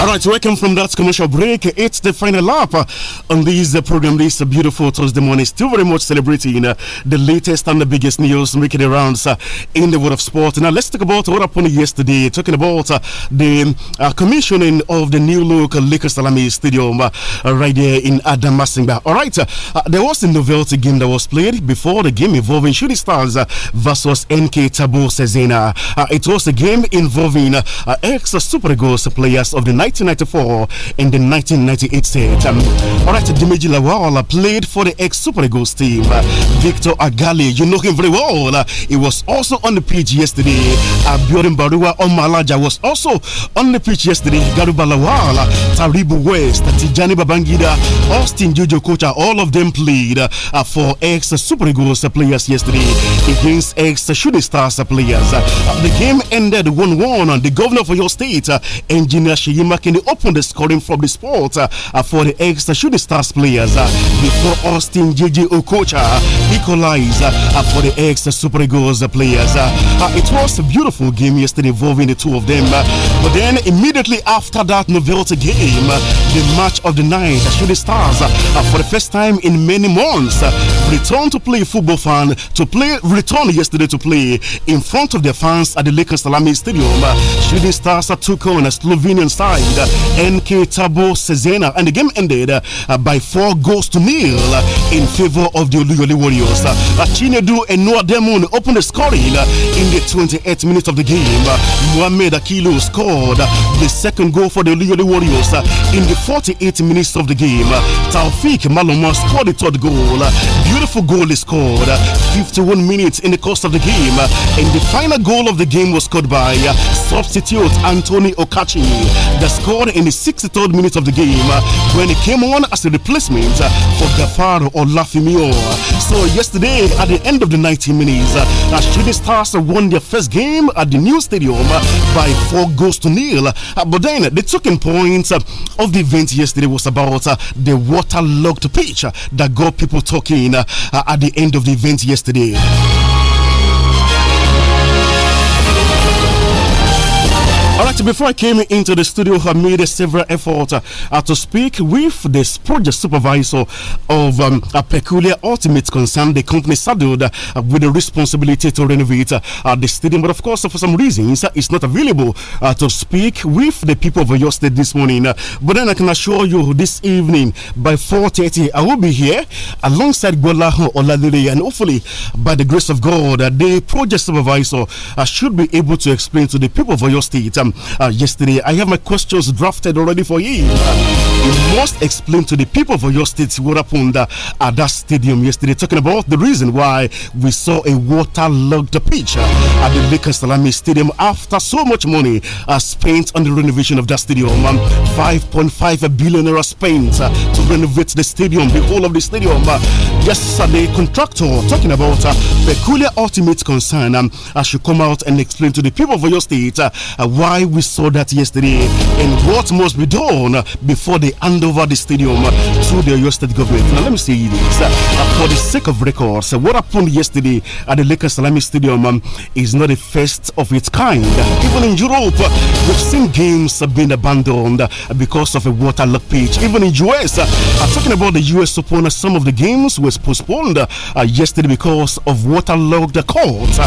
All right, welcome from that commercial break. It's the final lap on this the program. This a beautiful Thursday morning, still very much celebrating uh, the latest and the biggest news making the rounds uh, in the world of sport. Now, let's talk about what happened yesterday. Talking about uh, the uh, commissioning of the new look uh, Salami Stadium right there in Adamasingba. All right, there was a novelty game that was played before the game involving Shooting Stars versus NK Tabo Cezena. it was a game involving ex Super Eagles players of the night. 1994 and the 1998 stage. Um, all right, Dimeji Lawal played for the ex Super Eagles team. Uh, Victor Agali, you know him very well. Uh, he was also on the pitch yesterday. Uh, Baruwa Barua Omalaja was also on the pitch yesterday. Garuba Lawal, Taribu West, Tijani Babangida, Austin Jojo Kocha, all of them played uh, for ex Super Eagles players yesterday against ex Shooting Stars players. the game ended 1 1. The governor for your state, uh, Engineer Shiyima in the the scoring from the spot uh, uh, for the ex shooting stars players uh, before Austin JJ Okocha equalized for the ex Super Eagles players. it was a beautiful game yesterday involving the two of them, but then immediately after that novelty game, the match of the night, shooting stars for the first time in many months returned to play football fan to play returned yesterday to play in front of their fans at the Lakers Salami Stadium. Shooting Stars took on a Slovenian side and uh, NK Tabo Cezena. And the game ended uh, by four goals to nil uh, in favor of the Oluyole Warriors. Chinedu and Noah Demon opened the scoring in the 28th minute of the game. Mohamed Akilu scored the second goal for the Oluyole Warriors in the 48 minutes of the game. Taufik Maloma scored the third goal. Beautiful goal is scored 51 minutes in the course of the game. And the final goal of the game was scored by substitute Anthony Okachi. The scored in the 63rd minute of the game uh, when he came on as a replacement uh, for Gafaro Olafimio. So yesterday, at the end of the 90 minutes, the uh, Shooting Stars won their first game at the new stadium by four goals to nil. but then the talking point of the event yesterday was about the waterlogged pitch that got people talking at the end of the event yesterday. before I came into the studio, I made several efforts uh, to speak with the project supervisor of um, a peculiar ultimate concern, the company saddled uh, with the responsibility to renovate uh, the stadium. But of course, for some reasons, uh, it's not available uh, to speak with the people of your state this morning. Uh, but then I can assure you this evening by 4.30, I will be here alongside Gola Oladiri, and hopefully, by the grace of God, the project supervisor should be able to explain to the people of your state um, uh, yesterday. I have my questions drafted already for you. You must explain to the people of your state what happened at that stadium yesterday, talking about the reason why we saw a waterlogged pitch uh, at the Lakers Salami Stadium after so much money uh, spent on the renovation of that stadium. Um, 5.5 billion naira spent uh, to renovate the stadium, the whole of the stadium. Uh, yesterday, contractor talking about uh, peculiar ultimate concern. Um, I should come out and explain to the people of your state uh, why we saw that yesterday and what must be done before they hand over the stadium to the US State government. Now, let me say this uh, for the sake of records, uh, what happened yesterday at the Lakers Salami Stadium um, is not the first of its kind. Even in Europe, we've seen games being abandoned uh, because of a waterlogged pitch. Even in US, I'm talking about the US Open, some of the games was postponed yesterday because of waterlogged courts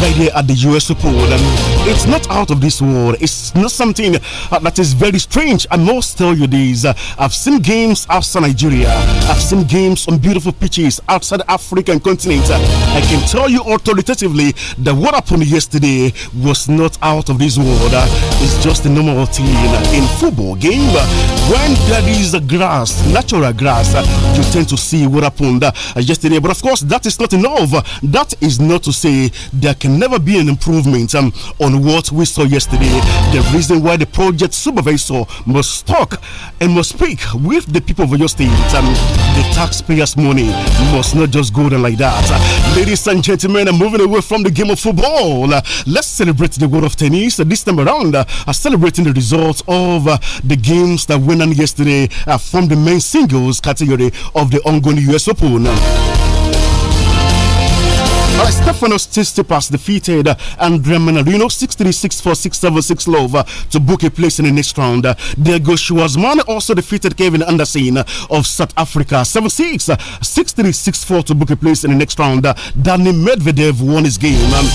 right here at the US Bowl, and it's not out of this world. It's not something uh, that is very strange. I must tell you this. Uh, I've seen games outside Nigeria. I've seen games on beautiful pitches outside the African continent. Uh, I can tell you authoritatively that what happened yesterday was not out of this world. Uh, it's just a normal thing in football game. when there is a grass, natural grass, uh, you tend to see what happened uh, yesterday. But of course, that is not enough. That is not to say there can can never be an improvement um, on what we saw yesterday. The reason why the project supervisor must talk and must speak with the people of your state, um, the taxpayers' money must not just go down like that. Uh, ladies and gentlemen, I'm moving away from the game of football. Uh, let's celebrate the world of tennis. Uh, this time around, uh, celebrating the results of uh, the games that went on yesterday uh, from the main singles category of the ongoing US Open. Stephanos Stefanos defeated uh, Andre Manarino 6364676 love uh, to book a place in the next round. Uh, Diego Schwarzman also defeated Kevin Anderson uh, of South Africa 76 uh, 6364 to book a place in the next round. Uh, Danny Medvedev won his game. Um,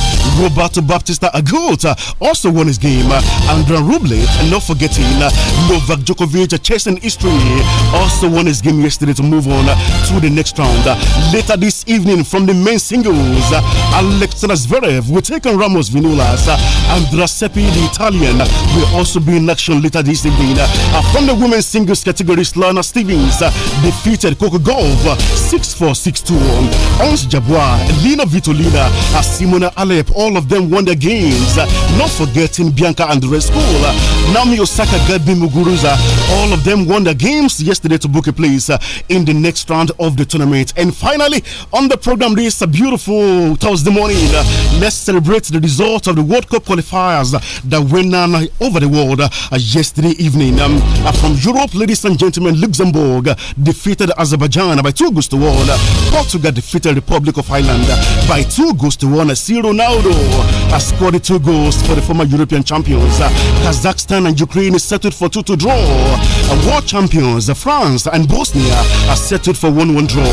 Roberto Baptista Agut uh, also won his game. Uh, Andre Rublev, and not forgetting uh, Novak Djokovic uh, chasing history, also won his game yesterday to move on to the next round. later this evening from the main singles. Greece, uh, Alexander Zverev will take on Ramos Vinolas, uh, and Drasepi the Italian will also be in action later this evening. Uh, from the women's singles category, Slana Stevens defeated Coco Golf 6 4 6 2. Ons Jabwa, Lina Vitolina, Simona Alep, all of them won their games. Not forgetting Bianca Andreescu, Naomi Osaka, Gabi Muguruza, all of them won their games yesterday to book a place in the next round of the tournament. And finally, on the program, this beautiful Thursday morning. Uh, let's celebrate the result of the World Cup qualifiers that went on over the world uh, yesterday evening. Um, uh, from Europe, ladies and gentlemen, Luxembourg defeated Azerbaijan by two goals to one. Portugal defeated Republic of Ireland by two goals to one. See Ronaldo has scored two goals for the former European champions. Kazakhstan and Ukraine settled for 2 to draw. World champions France and Bosnia are settled for 1 1 draw.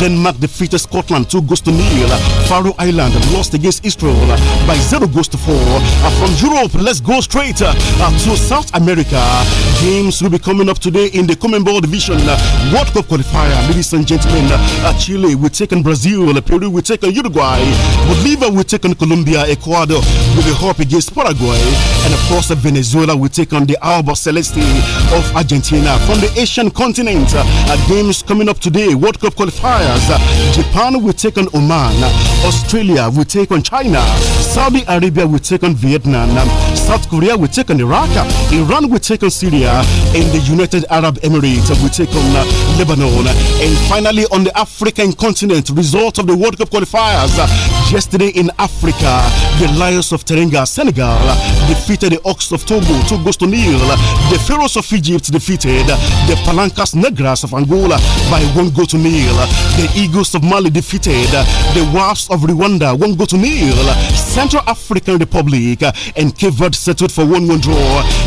Denmark defeated Scotland 2 goals to nil. Faroe Island lost against Israel by 0 goals to 4. Uh, from Europe, let's go straight uh, uh, to South America. Games will be coming up today in the Commonwealth Division World Cup qualifier. Ladies and gentlemen, Chile will take on Brazil, Peru will take on Uruguay, Bolivia will take on Colombia, Ecuador will be up against Paraguay, and of course, Venezuela will take on the Alba Celeste of Argentina. From the Asian continent, games coming up today World Cup qualifiers. Japan will take on Oman. Australia will take on China. Saudi Arabia will take on Vietnam. South Korea will take on Iraq. Iran will take on Syria. And the United Arab Emirates will take on uh, Lebanon. And finally, on the African continent, result of the World Cup qualifiers. Yesterday in Africa, the Lions of Terenga, Senegal, defeated the Ox of Togo, two goals to nil. The Pharaohs of Egypt defeated the Palancas Negras of Angola by one goal to nil. The Eagles of Mali defeated the Wasps of Rwanda, won't go to nil. Central African Republic and Cape Verde settled for 1 1 draw.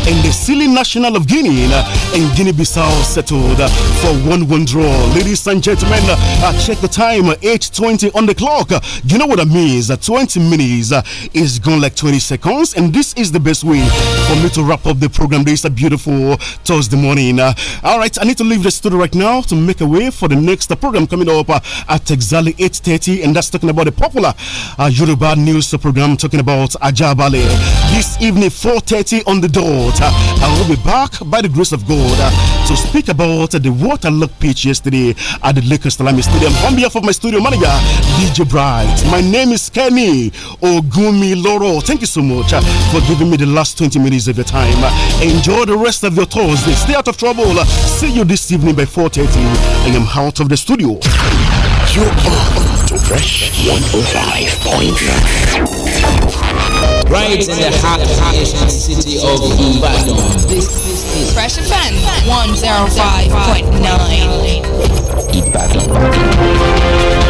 And the Silly National of Guinea and Guinea Bissau settled for 1 1 draw. Ladies and gentlemen, uh, check the time 8.20 on the clock. You know what I mean? Uh, 20 minutes uh, is gone like 20 seconds. And this is the best way for me to wrap up the program. This is a beautiful Thursday morning. all right, I need to leave the studio right now to make a way for the next program coming up at exactly 8.30. And that's talking about the popular uh, Yoruba news program talking about Ajabale. This evening, 4.30 on the dot. Uh, I will be back by the grace of God uh, to speak about uh, the waterlogged pitch yesterday at the Lakers Stadium. On behalf of my studio manager, DJ Bright, my name is Kenny Ogumi Loro. Thank you so much uh, for giving me the last 20 minutes of your time. Uh, enjoy the rest of your Thursday. Stay out of trouble. Uh, see you this evening by 4.30. I am out of the studio. You are Fresh 105.9. Right in the hot, hot city of Ibadan. This is Fresh Offense 105.9. Ibadan.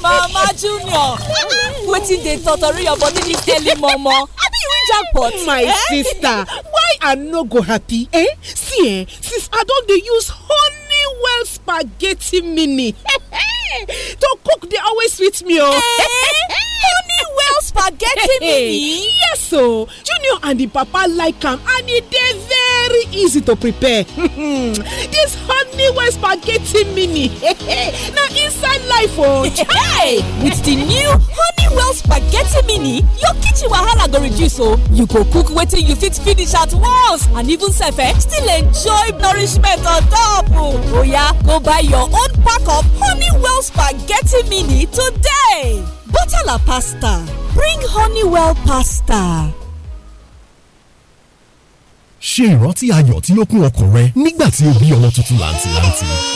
mama junior wetin dey totori your body dis early Mama? abi you jackpot. my eh? sister why i no go happy eh see eh since i don dey use honeywell spaghetti mini eh, eh. to cook dey always sweet me oh. honeywell spaghetti mini. yes so junior and the papa like them, and they're very easy to prepare. this honeywell spaghetti mini Now, inside life oh, chai with the new honeywell spaghetti mini your kitchen wahala go reduce o. Oh. you go cook wetin you fit finish at once and even sef eh, still enjoy nourishment on top Oh yeah, go buy your own pack of honeywell spaghetti mini today. Butala pasta. Bring Honeywell pasta. Ṣe ìrántí ayọ̀ tí ó kún ọkàn rẹ nígbà tí o bí ọmọ tuntun làǹtìlanti.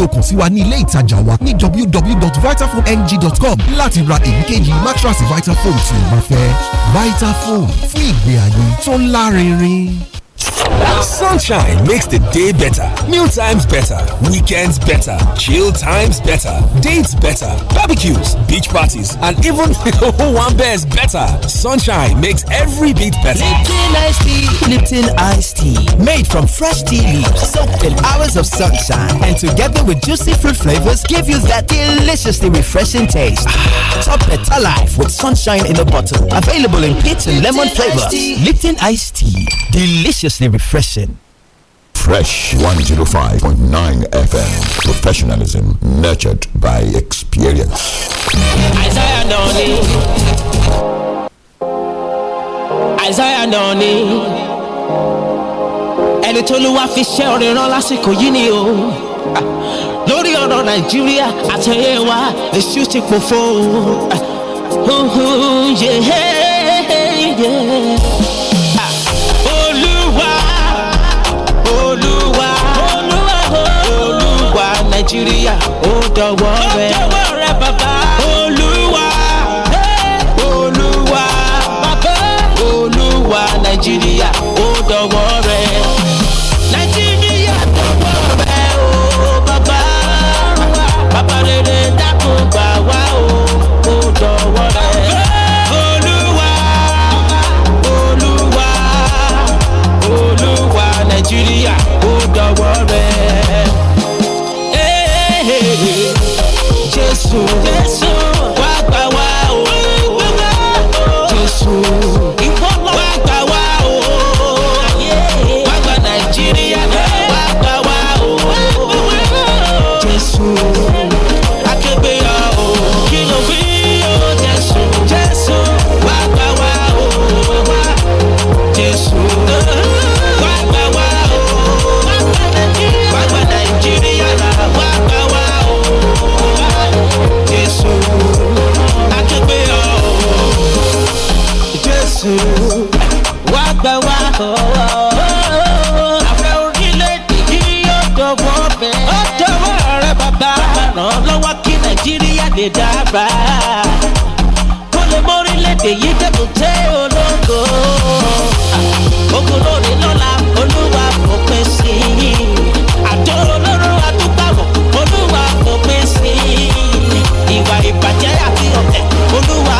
kí o kàn sí wa ní ilé ìtajà wa ní www.vitafoamng.com láti ra èyíkéyìí mátràsì Vitafoam tí o bá fẹ́ Vitafoam fún ìgbé ayé tó lárinrin. Sunshine makes the day better, meal times better, weekends better, chill times better, dates better, barbecues, beach parties, and even one bears better. Sunshine makes every bit better. Lipton iced tea, Lipton iced tea, made from fresh tea leaves, soaked in hours of sunshine, and together with juicy fruit flavors, give you that deliciously refreshing taste. Ah. Top it off with sunshine in a bottle, available in peach and lemon flavors. Lipton iced tea, deliciously refreshing. Fresh 105.9 FM. Professionalism nurtured by experience. Isaiah Donny. Isaiah Donny. ẹni tó ló wá fi ṣẹ́ orin rán lásìkò yìí ni o lórí ọ̀rọ̀ nàìjíríà àtẹ̀yẹ wa èṣù ti pòfo. Yeah, yeah. nàìjíríà ó dọwọ́ rẹ̀. lè dábàá kó lè mórílẹ̀-èdè yìí dẹ́kun jẹ́ ológo ogun lọ́la olúwa fòpin sí i àjọ olóró àtúgbàwọ̀ olúwa fòpin sí i ìwà ìbàjẹ́ àti ọ̀tẹ̀ olúwa.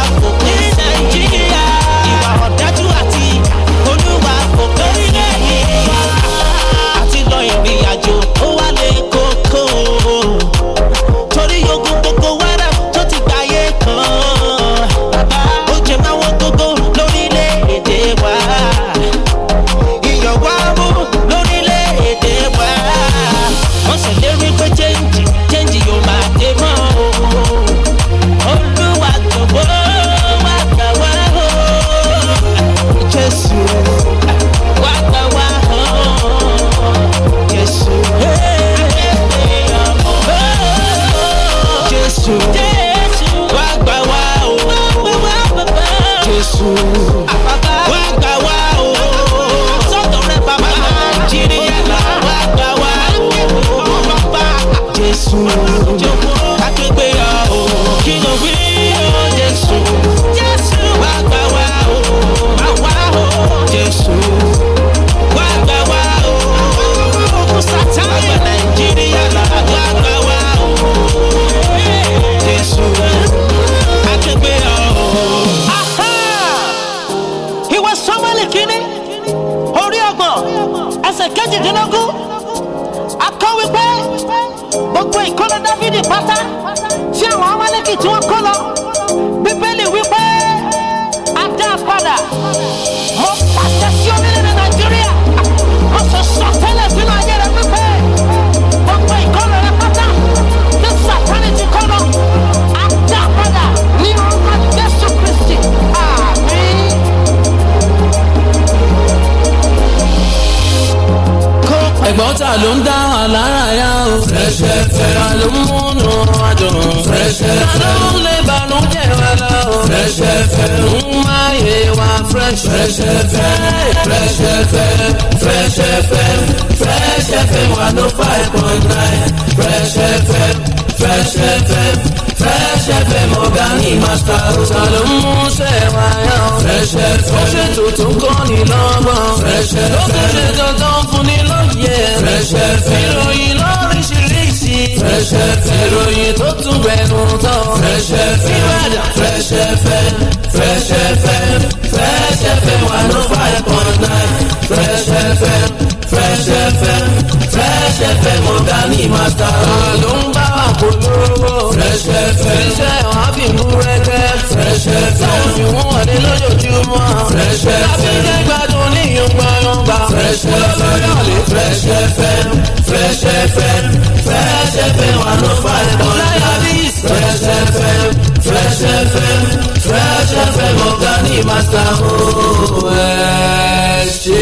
fresh FM, fresh fm fresh fm fresh fm one oh five point nine fresh fm fresh fm fresh fm ọ̀gá ní màsà ó ẹ̀ ṣe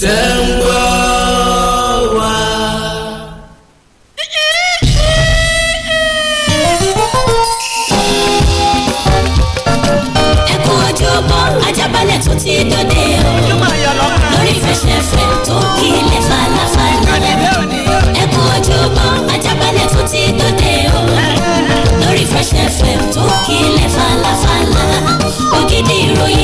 tẹ́ ń gbọ́. òkìlẹ̀ falafala. ẹkún ojúbọ ajábalẹ̀ tó ti dòde o. lórí Fresh FM tó kílẹ̀ falafala. ògidì ìròyìn.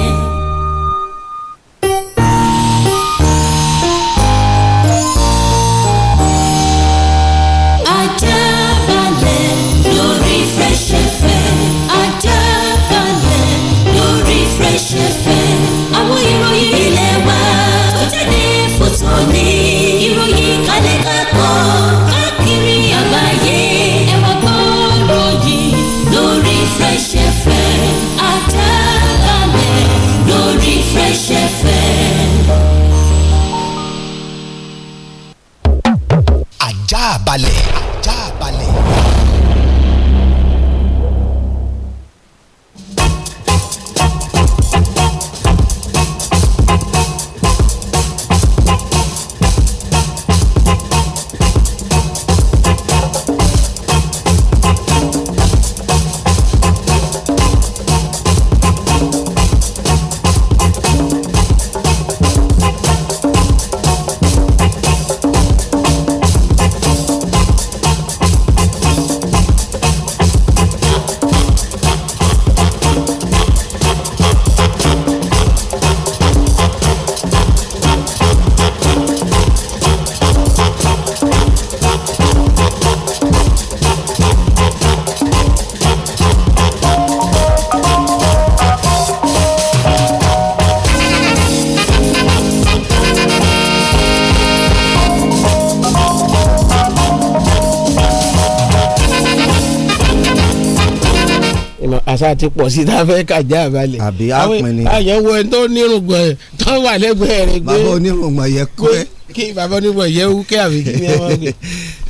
àṣà ti pọ̀ sí tá a fẹ́ kàjá àbálẹ̀. àbí àpin ni. àyẹ̀ wo ẹni tó nírùngbọ̀n ẹ̀ tó wà lẹ́gbẹ̀ẹ́ rẹ̀ gbé. bàbá onírùngbọ̀n yẹ kú ẹ. kí bàbá onírùngbọ̀n yẹ wú kí àbí kí ni ẹ máa gbé.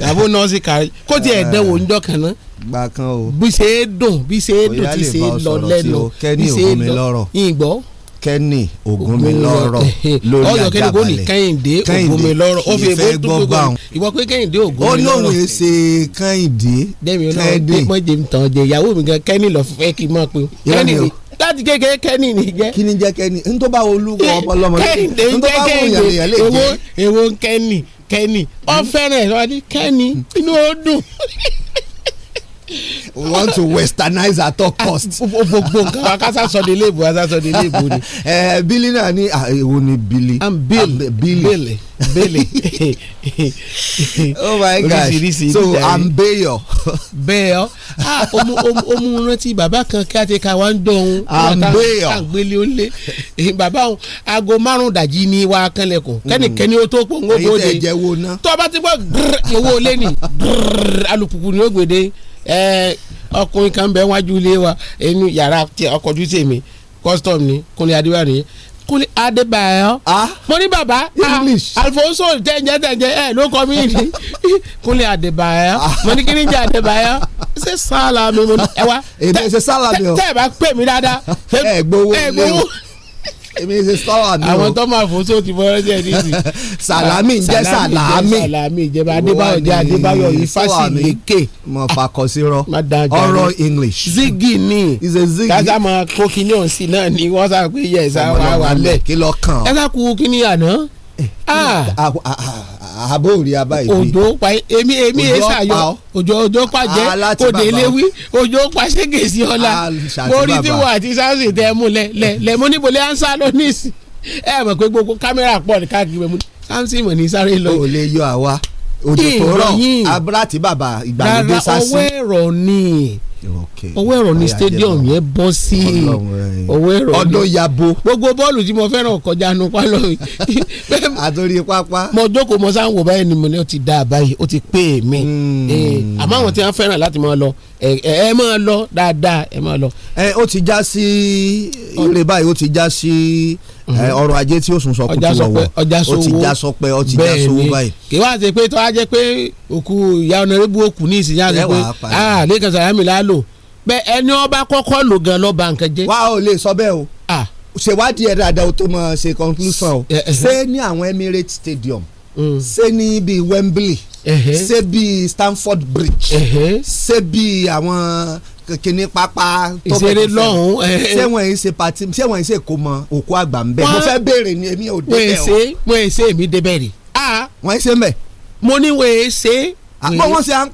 àbó nọ́ọ̀sì kárí kó tiẹ̀ dẹ́wọ̀ ń jọ́kàn náà gbà o. bí ṣe é dùn bí ṣe é dùn tí ṣe é lọ lẹ́nu bí ṣe é dùn kẹ́ni ògúnmilọ́rọ̀ lórí àjàbalẹ̀ ọyọ kẹ́ni kò ní kẹ́hìndé ògúnmilọ́rọ̀ ó fi èbó dúró pé ìwọ pé kẹ́hìndé ògúnmilọ́rọ̀ ó lóun èsè kẹ́hìndé kẹ́hìndé mọ jẹ mi tàn jẹ ìyàwó mi gan kẹ́ni lọ fẹ́ kí n máa pe kẹ́ni mi láti kékeré kẹ́ni ni jẹ́ kí ni jẹ́ kẹ́ni n tó bá wo olúwo ọpọlọmọ kẹ́hìndé ń jẹ́ kẹ́hìndé èwo èwo kẹ́ni kẹ́ni ọ we want to westernize at all cost. Ah, gbogbo nǹkan kásá sọ de léèbù kásá sọ de léèbù ni. ẹ eh, bílí náà ní ah, èwo ni bílí. am bílì bílì bílì. oh my gosh so am bẹ́yọ̀. bẹ́yọ̀ Ah, mú rántí bàbá kan kí a ti ka wá ń dọ̀hún. am bẹ́yọ̀ tá gbélé ó lé eh, bàbá òun aago márùn-ún dàjí ni wàá kánlẹ̀kùn hmm. kẹ́nìkẹ́ni ó tó pòǹgó bóde tọ́ bá ti gbọ́ gbọ́ owó lé ní alùpùpù ni ó gbèdé ẹ ọkùnrin kan bẹ wájú ilé wa inú yàrá ọkọ̀ ojú tèmi custom ni kúnlẹ̀ adébáyọ̀ nìyẹn kúnlẹ̀ adébáyọ̀ mo ní bàbá ah, alfonso tẹ̀jẹ̀ tẹ̀jẹ̀ ẹ̀ ló kọ́ mi ní kúnlẹ̀ adébáyọ̀ ah. mo ní kíní jẹ́ adébáyọ̀ ṣe sálà mi mo ní ẹ wá tẹ́ ẹ bá pè mí dáadáa ẹ gbowó ẹ gbowó. èmi ṣe sọ́wọ́ mi o. àwọn tó máa fòótó ti bọ́ ẹsẹ̀ nísì. sàlámì jẹ́ sàlámì. sàlámì ìjẹba adébáyọ̀ jẹ́ adébáyọ̀ ìfásìlékè. mo fakọ sí rọ ọ̀rọ̀ english. zigi ni kásá máa kó kíní ọ̀hún náà ni wọ́n sá pé yẹ ẹ̀sà wà wà lẹ̀. ẹ kú kíní àná. Eh, ah. Ah, ah, àbò òrí abá ìwé. òjò pa èmi èmi èsà yọ òjò òjò pa jẹ òde ah, léwí òjò pa ségèsì ọlá ah, borí tí wọ́n àti sáǹsì tẹ́ mú lẹ lẹ lẹ mo níbo lẹ ansa lọ níìsì ẹ mọ̀ pé gbogbo kámẹ́rà pọ̀ ní káàkiri mọ̀ sáǹsì mọ̀ ní sáré lọ. o lè yọ àwa òjò tó rọ abúlá tí bàbá ìgbàlódé sá sí. rárá ọwọ́ ẹ̀rọ ni ọwọ́ ẹ̀rọ ni stadium yẹn bọ́ sí eh. ọwọ́ ẹ̀rọ ni ọdún yabo gbogbo bọ́ọ̀lù tí mo fẹ́ràn kọjá nu pálọ̀ yìí. àtòrí pápá. mo jókòó mo sá ń wò báyìí ni mo ní ó ti dá a báyìí ó ti pè é mi. Hmm. Eh, àmọ́ àwọn tí wọ́n fẹ́ràn láti máa lọ ẹ máa lọ dáadáa ẹ máa lọ. ẹ eh, ó ti já sí ire báyìí ó ti já sí ọrọ̀ ajé tí òsùn sọ kùtù wọ̀wọ̀ ó ti já sọ pé ó ti já sówó báyìí. kì í wá ṣe pé tó a jẹ́ pé òkú ìyá ọ̀nàrẹ́bù òkú ní ìsìn yá ṣe pé ah lẹ́kàn sàrámì lálò bẹ́ẹ̀ ẹni ọba kọ́kọ́ lò gan lọ́ba nǹkan jẹ́. wàá ò lè sọ bẹ́ẹ̀ o ṣèwádìí ẹ̀ dáadáa o tó mọ̀ ṣe conclusion o ṣé ní àwọn Emirates Stadium mm. ṣé ní bíi Wembley ṣé bíi Stamford Bridge ṣé bíi àwọn kìnìún pápá tó bẹ̀ ṣeré lọ́hùn. sẹ́wọ̀n yìí ṣe pati sẹ́wọ̀n yìí ṣe kó mọ òkú àgbà ń bẹ̀ mo fẹ́ béèrè ni èmi ò débẹ̀ o. wọ́n ẹ̀ ṣe èmi débẹ̀ rè. Ah! wọ́n ẹ̀ ṣe mẹ́. mo ní wọ́n ẹ̀ ṣe. àpò wọn ṣe won se won se an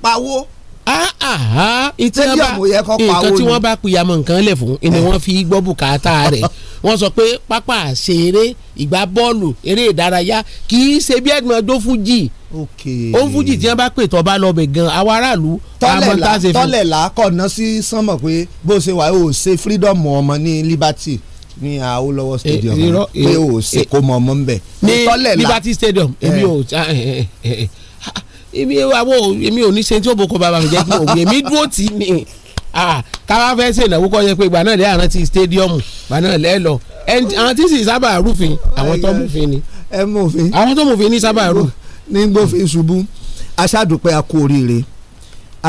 nǹkan ah, ah, ah. tí wọ́n bá pìyàmọ̀ nǹkan lẹ̀ fún ni eh. wọ́n fi gbọ́ bùkátà rẹ̀ wọ́n sọ pé pápá ṣeré ìgbà bọ́ọ̀lù eré ìdárayá kì í ṣe bí ẹ̀gbọ́n tó fújì ó ń fújì tí wọ́n bá pè tọ́ bá lọ bẹ̀ gan àwọn aráàlú àmọ́tàṣe fún. tọ́lẹ̀ là kọ̀nà sí sánmọ̀ pé bó ṣe wà ó ṣe freedom ọmọ ní liberty ní Awólọ́wọ̀ eh, stadium pé eh, ó ṣe kó mọ ọmọ ń bẹ̀. ní liberty stadium èmi ò ibi àwọ èmi ò ní ṣe tí ó boko bàbá mi jẹ́ pé òwe èmi dúró tì í ni káwá fẹ́ ṣe ìnáwó kọ́ yẹ pé ìgbà náà àrùn ti stadiumu ìgbà náà lọ àwọn tí sì sábà rúfin àwọn tó mùfin ni àwọn tó mùfin ni sábà rú. ní gbófin ṣubú aṣáàdùpẹ́ a kú oríire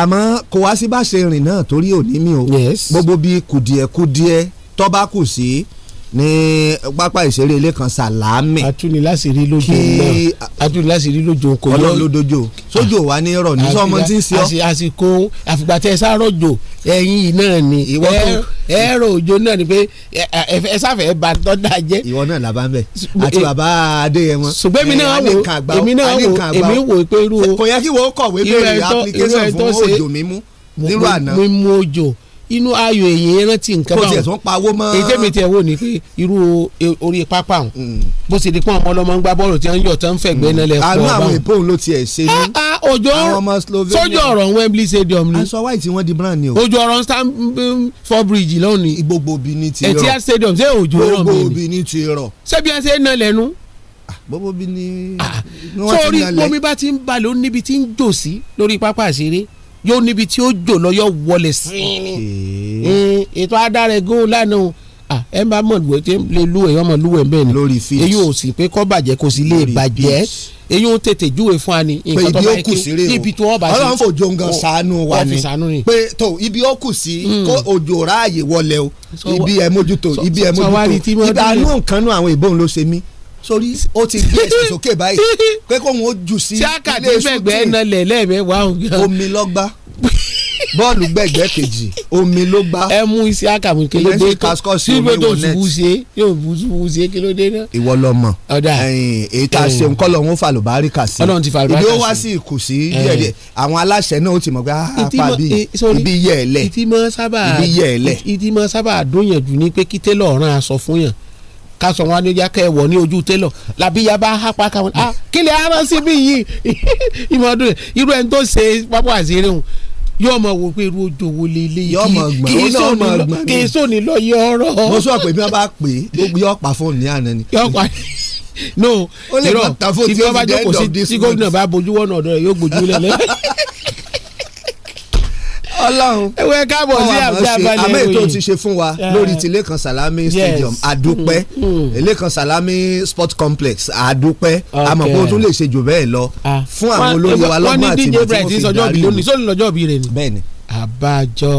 àmọ́ kò wá sí bá ṣe rìn náà torí òní mi ò gbogbo bíi kùdìẹ̀kudìẹ tó bá kù sí. Si ní pápá ìṣeré ilé kan sàlámì. atúni láti rí lójú náà atúni láti rí lójú kò yọ ọlọ́run ló dojo sójò ah. wa ní rọ̀ ní sọ́mọ tí ń sọ. àsìkò àfìgbà tẹ ẹ sáró jò ẹyin náà ni ẹ̀rọ òjò náà ni pé ẹ sáfẹ́ bá tọ́da jẹ́. ìwọ náà là bá ń bẹ àti bàbá adéyẹmọ. ṣùgbọ́n èmi náà wò èmi náà wò èmi wò pé irú. kò yẹ kí wọ́n kọ̀wé bẹ̀rẹ̀ application fún òjò mímú nílùú àná. mímú òjò inú ayò èyí rántí nǹkan báwọn kò tiẹ̀ tó ń pawó mọ́. èyí tẹ́mi tiẹ̀ wò ní pé irú orí pápá òun mm. bó sì di pọ́n ọmọ ọlọ́mọ ń gbá bọ́ọ̀lù tí wọ́n ń yọ̀ tán ń fẹ̀gbẹ́ mm. náà lẹ́kọ̀ọ́ báwọn. àánú àwọn èpò òun ló tiẹ̀ ṣe ah, ah, ní. ojú sójú ọ̀rọ̀ Wembley Stadium ni. aṣọ white tí wọ́n di brand ni o. ojú ọ̀rọ̀ Stamford Bridge lọ́hùn ni. gbogbo òbí ni ti rọ Etihad Stadium ṣé òjò rọ mi ni. gbogbo òbí ni ti rọ. ṣé bí wọ́n ṣe ń nà lẹ́nu ah, gbogbo bí ni. sórí gbómi bá ti ń balẹ̀ ó níbi tí ń jò sí lórí pápá àṣeré yóò níbi tí ó jò lọ yóò wọlé sí i ètò adarẹ̀gùn lánàá ẹ bá mọ̀ ìwé tí lè lú ẹ̀ ọmọ lú ẹ̀ bẹ́ẹ̀ ni lórí fi èyí ò sì pé kọ́ bàjẹ́ kò sì lè bàjẹ́ èyí ò tètè júwe fún wa nǹkan tó bá yẹ kí ibi tó ọba sí ọlọ́run fòjò nǹkan ṣàánú wa ni pé tó ibi ó kù sí hmm. kó òjò ráàyè wọlé o ibi ẹ̀ mójútó ibi ẹ̀ mójútó ibi àánú nǹkan nú àwọn ìbọn ló ṣe mí sórí ó ti gbé ẹsẹ̀ sókè báyìí pé kóun ó jù sí ilé sùtì omi lọ́gbà bọ́ọ̀lù gbẹ̀gbẹ́ kejì omi ló gbá. ẹ mú iṣẹ́ àkàmù kí ló dé kan sí ibi tó ṣubú ṣe yóò ṣubú ṣe kí ló dé náà. ìwọ lọ mọ èyí tá a ṣe nǹkan lọ́wọ́ falùbáríkà sí ibi ó wá sí ìkù sí díẹ̀díẹ̀ àwọn aláṣẹ náà ó ti mọ̀ pé ah, apá bíi eh, ibi yẹ̀ ẹ̀lẹ̀ ibi yẹ̀ ẹ̀lẹ̀. ìtìmọ̀ sábà dóyànjú ni pé kí tẹ́lọ̀ ọ̀ràn aṣọ fún yàn ká sọ wọn anújá kẹ wọ ní ojú télọ̀ làbíyá bá hápá káwọn ah kílẹ̀ aran sí bí yìí ìmọ̀ ọdún irú ẹni tó ṣe pápá àṣírí hùn yóò mọ wo pé irú ojú wo lè lè yìí kì í sóni lọ yọ ọ̀rọ̀. mo sọ pé bí wọn bá pè é yọ pa fóònù ní àná ni. yọ pa no irọ́ tí wọ́n sí gómìnà bá bojú wọ́nà ọ̀dọ́ rẹ̀ yóò gbójú lẹ́lẹ́. Ọlọ́run ẹ wẹ káàbọ̀ sí àbújábalẹ̀ òye àmì ètò ti ṣe fún wa lórí ti Lẹ́kan Salami stadium àdúpẹ́ mm, mm. Lẹ́kan Salami sport complex àdúpẹ́ àmọ́ kó o tún lè ṣe jù bẹ́ẹ̀ lọ ah. fún àwọn olóyè wa lọ́gbọ́n àti ìmọ̀ tí wọ́n fi darí lónìí sóòlù lọ́jọ́ bí rẹ̀ ni. bẹ́ẹ̀ni. àbájọ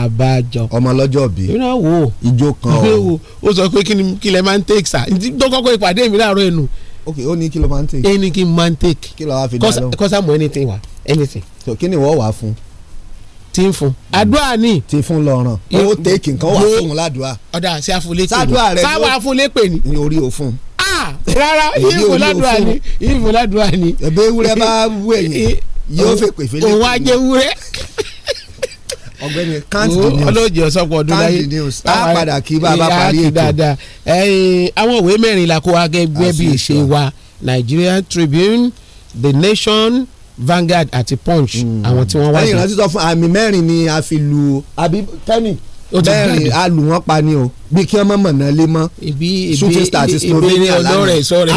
àbájọ. ọmọ lọ́jọ́ bí. èmi náà wò ó. ijó kan o. ó sọ pé kí lẹ máa ń tèkì sá dọ́kọ́kọ́ ìpàdé mi láàárọ̀ ẹnu. ok ó ní kí ló máa ń tèkì. ẹni kí n máa ń tèkì. maa n take eni ló wàá fi dá lóhùn. kọ́sàmù anything wa anything. so kí ni wọ́n wàá fún un tí ń fún. àdúrà ni. tí fún lọ́rùn owó tẹ́ẹ̀kì nǹkan wà fún un ládùúà. ọ̀dà sí àfúlé pè ní sáwọ́ àfúlé pè ní. ní orí òfun. Ah, rárá ìfún ládùúà ni ìfún ládùúà ni. ẹ̀bẹ̀ ewúrẹ́ bá wú ẹ̀yìn yóò fẹ́ pè fẹ́lẹ́. òun á jẹ ewúrẹ́. ọ̀gbẹ́ni count the news. olóòjì ọ̀sọ́pọ̀ ọdún láyé count the news. a ah, padà kí bàbá eh, parí ètò. àwọn òwe mẹ́rin la kó wa gẹ́gẹ́ bí ìṣe wa Nigerian Tribune, The Nation Vanguard àti Punch hmm. àwọn tí wọ́n wá. ẹ̀yìn rántí sọ fún àmì mẹ́rin ni a fi lu àbí tẹ́nì mẹ́rin a lù wọ́n pa ni o bí kí wọ́n mọ̀ mọ̀ náà lé mọ́ shooting star ti Slovenia lánàá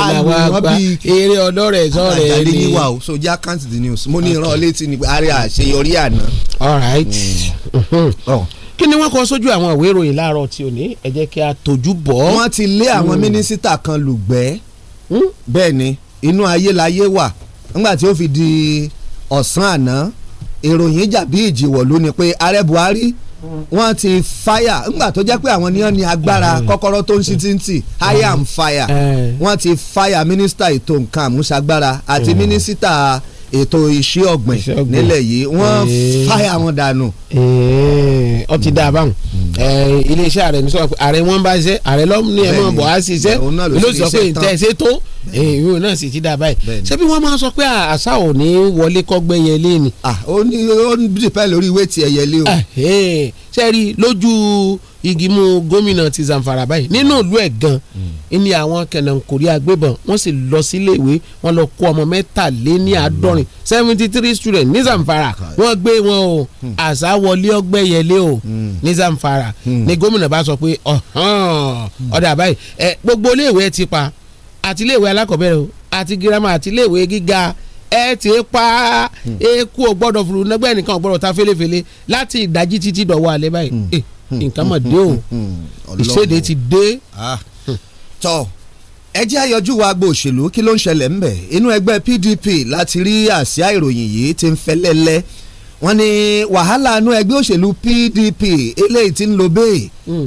a lù wọ́n bí eré ọ̀dọ́ rẹ̀ sọ rẹ̀ ni àtàlẹ́ yín o so já count the news mo ní ìran létí ni ààrẹ àṣeyọrí àná. all right hmm. Hmm. kí ni wọ́n kọ sójú àwọn ìwé ìròyìn láàárọ̀ tí ò ní ẹ jẹ́ kí a tọ́jú bọ̀. wọ́n ti lé àwọn mínísítà kan lùgbẹ́ bẹ́ẹ̀ ni inú ayé láyé wà nígbà tí ó fi di ọ̀sán àná ìròyìn jàbí ìjìwọ̀ ló ni pé ààrẹ Buhari wọ́n ti fire ńgbà tó jẹ́ pé àwọn ni wọ́n ní agbára mm. kọ́kọ́rọ́ tó ń ṣí títì hire mm. and fire mm. wọ́n ti fire mínísítà ètò nǹkan àmúṣagbára àti mínísítà ètò iṣẹ́ ọ̀gbìn nílẹ̀ yìí wọ́n fire wọn dànù. ó ti dá a báwọn eh, iléeṣẹ́ ààrẹ ní sọ pé ààrẹ wọn bá ṣe ààrẹ lọ́mú ni ẹ̀ mọ̀ bọ̀ á ṣiṣẹ́ ló sọ pé ǹtẹ̀ ṣe tó Eh, ìwé náà sì ti dá báyìí ṣé bí wọ́n máa sọ pé àṣà ò ní wọlé kọ́gbẹ́ yẹlé ni. Ah, ó ní ó ń dìpẹ́ lórí ìwé tiẹ̀ yẹlé o. Ah, eh, ṣe rí lójú igimu gómìnà ti Zamfara báyìí nínú ah. ìlú ẹ̀ gan hmm. ni àwọn kẹ̀nàkórí agbébọn wọ́n sì lọ sílé ìwé wọ́n lọ kó ọmọ mẹ́tàléní àádọ́rin seventy three students ní Zamfara wọ́n gbé wọn o hmm. àṣà wọlé ọgbẹ́ yẹlé o hmm. ní Zamfara ni gómìnà bá sọ pé ọ̀hán ọ̀dà báyìí gbogbo ilé ìwé ti pa àti iléèwé alákọ̀ọ́bẹ̀rẹ̀ o àti girama àti iléèwé gíga ẹ ti pa hmm. eku ò gbọ́dọ̀ furu nẹgbẹ́ ẹnìkan ò gbọ́dọ̀ ta fẹ́lẹ́fẹ́lẹ́ láti ìdájí títí dọ̀wọ́ alẹ́ báyìí hmm. Eh, hmm. nǹkan mọ̀ dé o ìṣèdè ti dé. Ah. tọ́ ẹ jẹ́ àyọjú wa agbo òṣèlú kí ló ń ṣẹlẹ̀ ń bẹ̀ inú ẹgbẹ́ PDP láti rí àsíá ìròyìn yìí ti ń fẹ́lẹ́lẹ́ wọ́n ní wàhálà inú ẹgbẹ́ òṣèlú PDP eléyìí ti ń lo bẹ́ẹ̀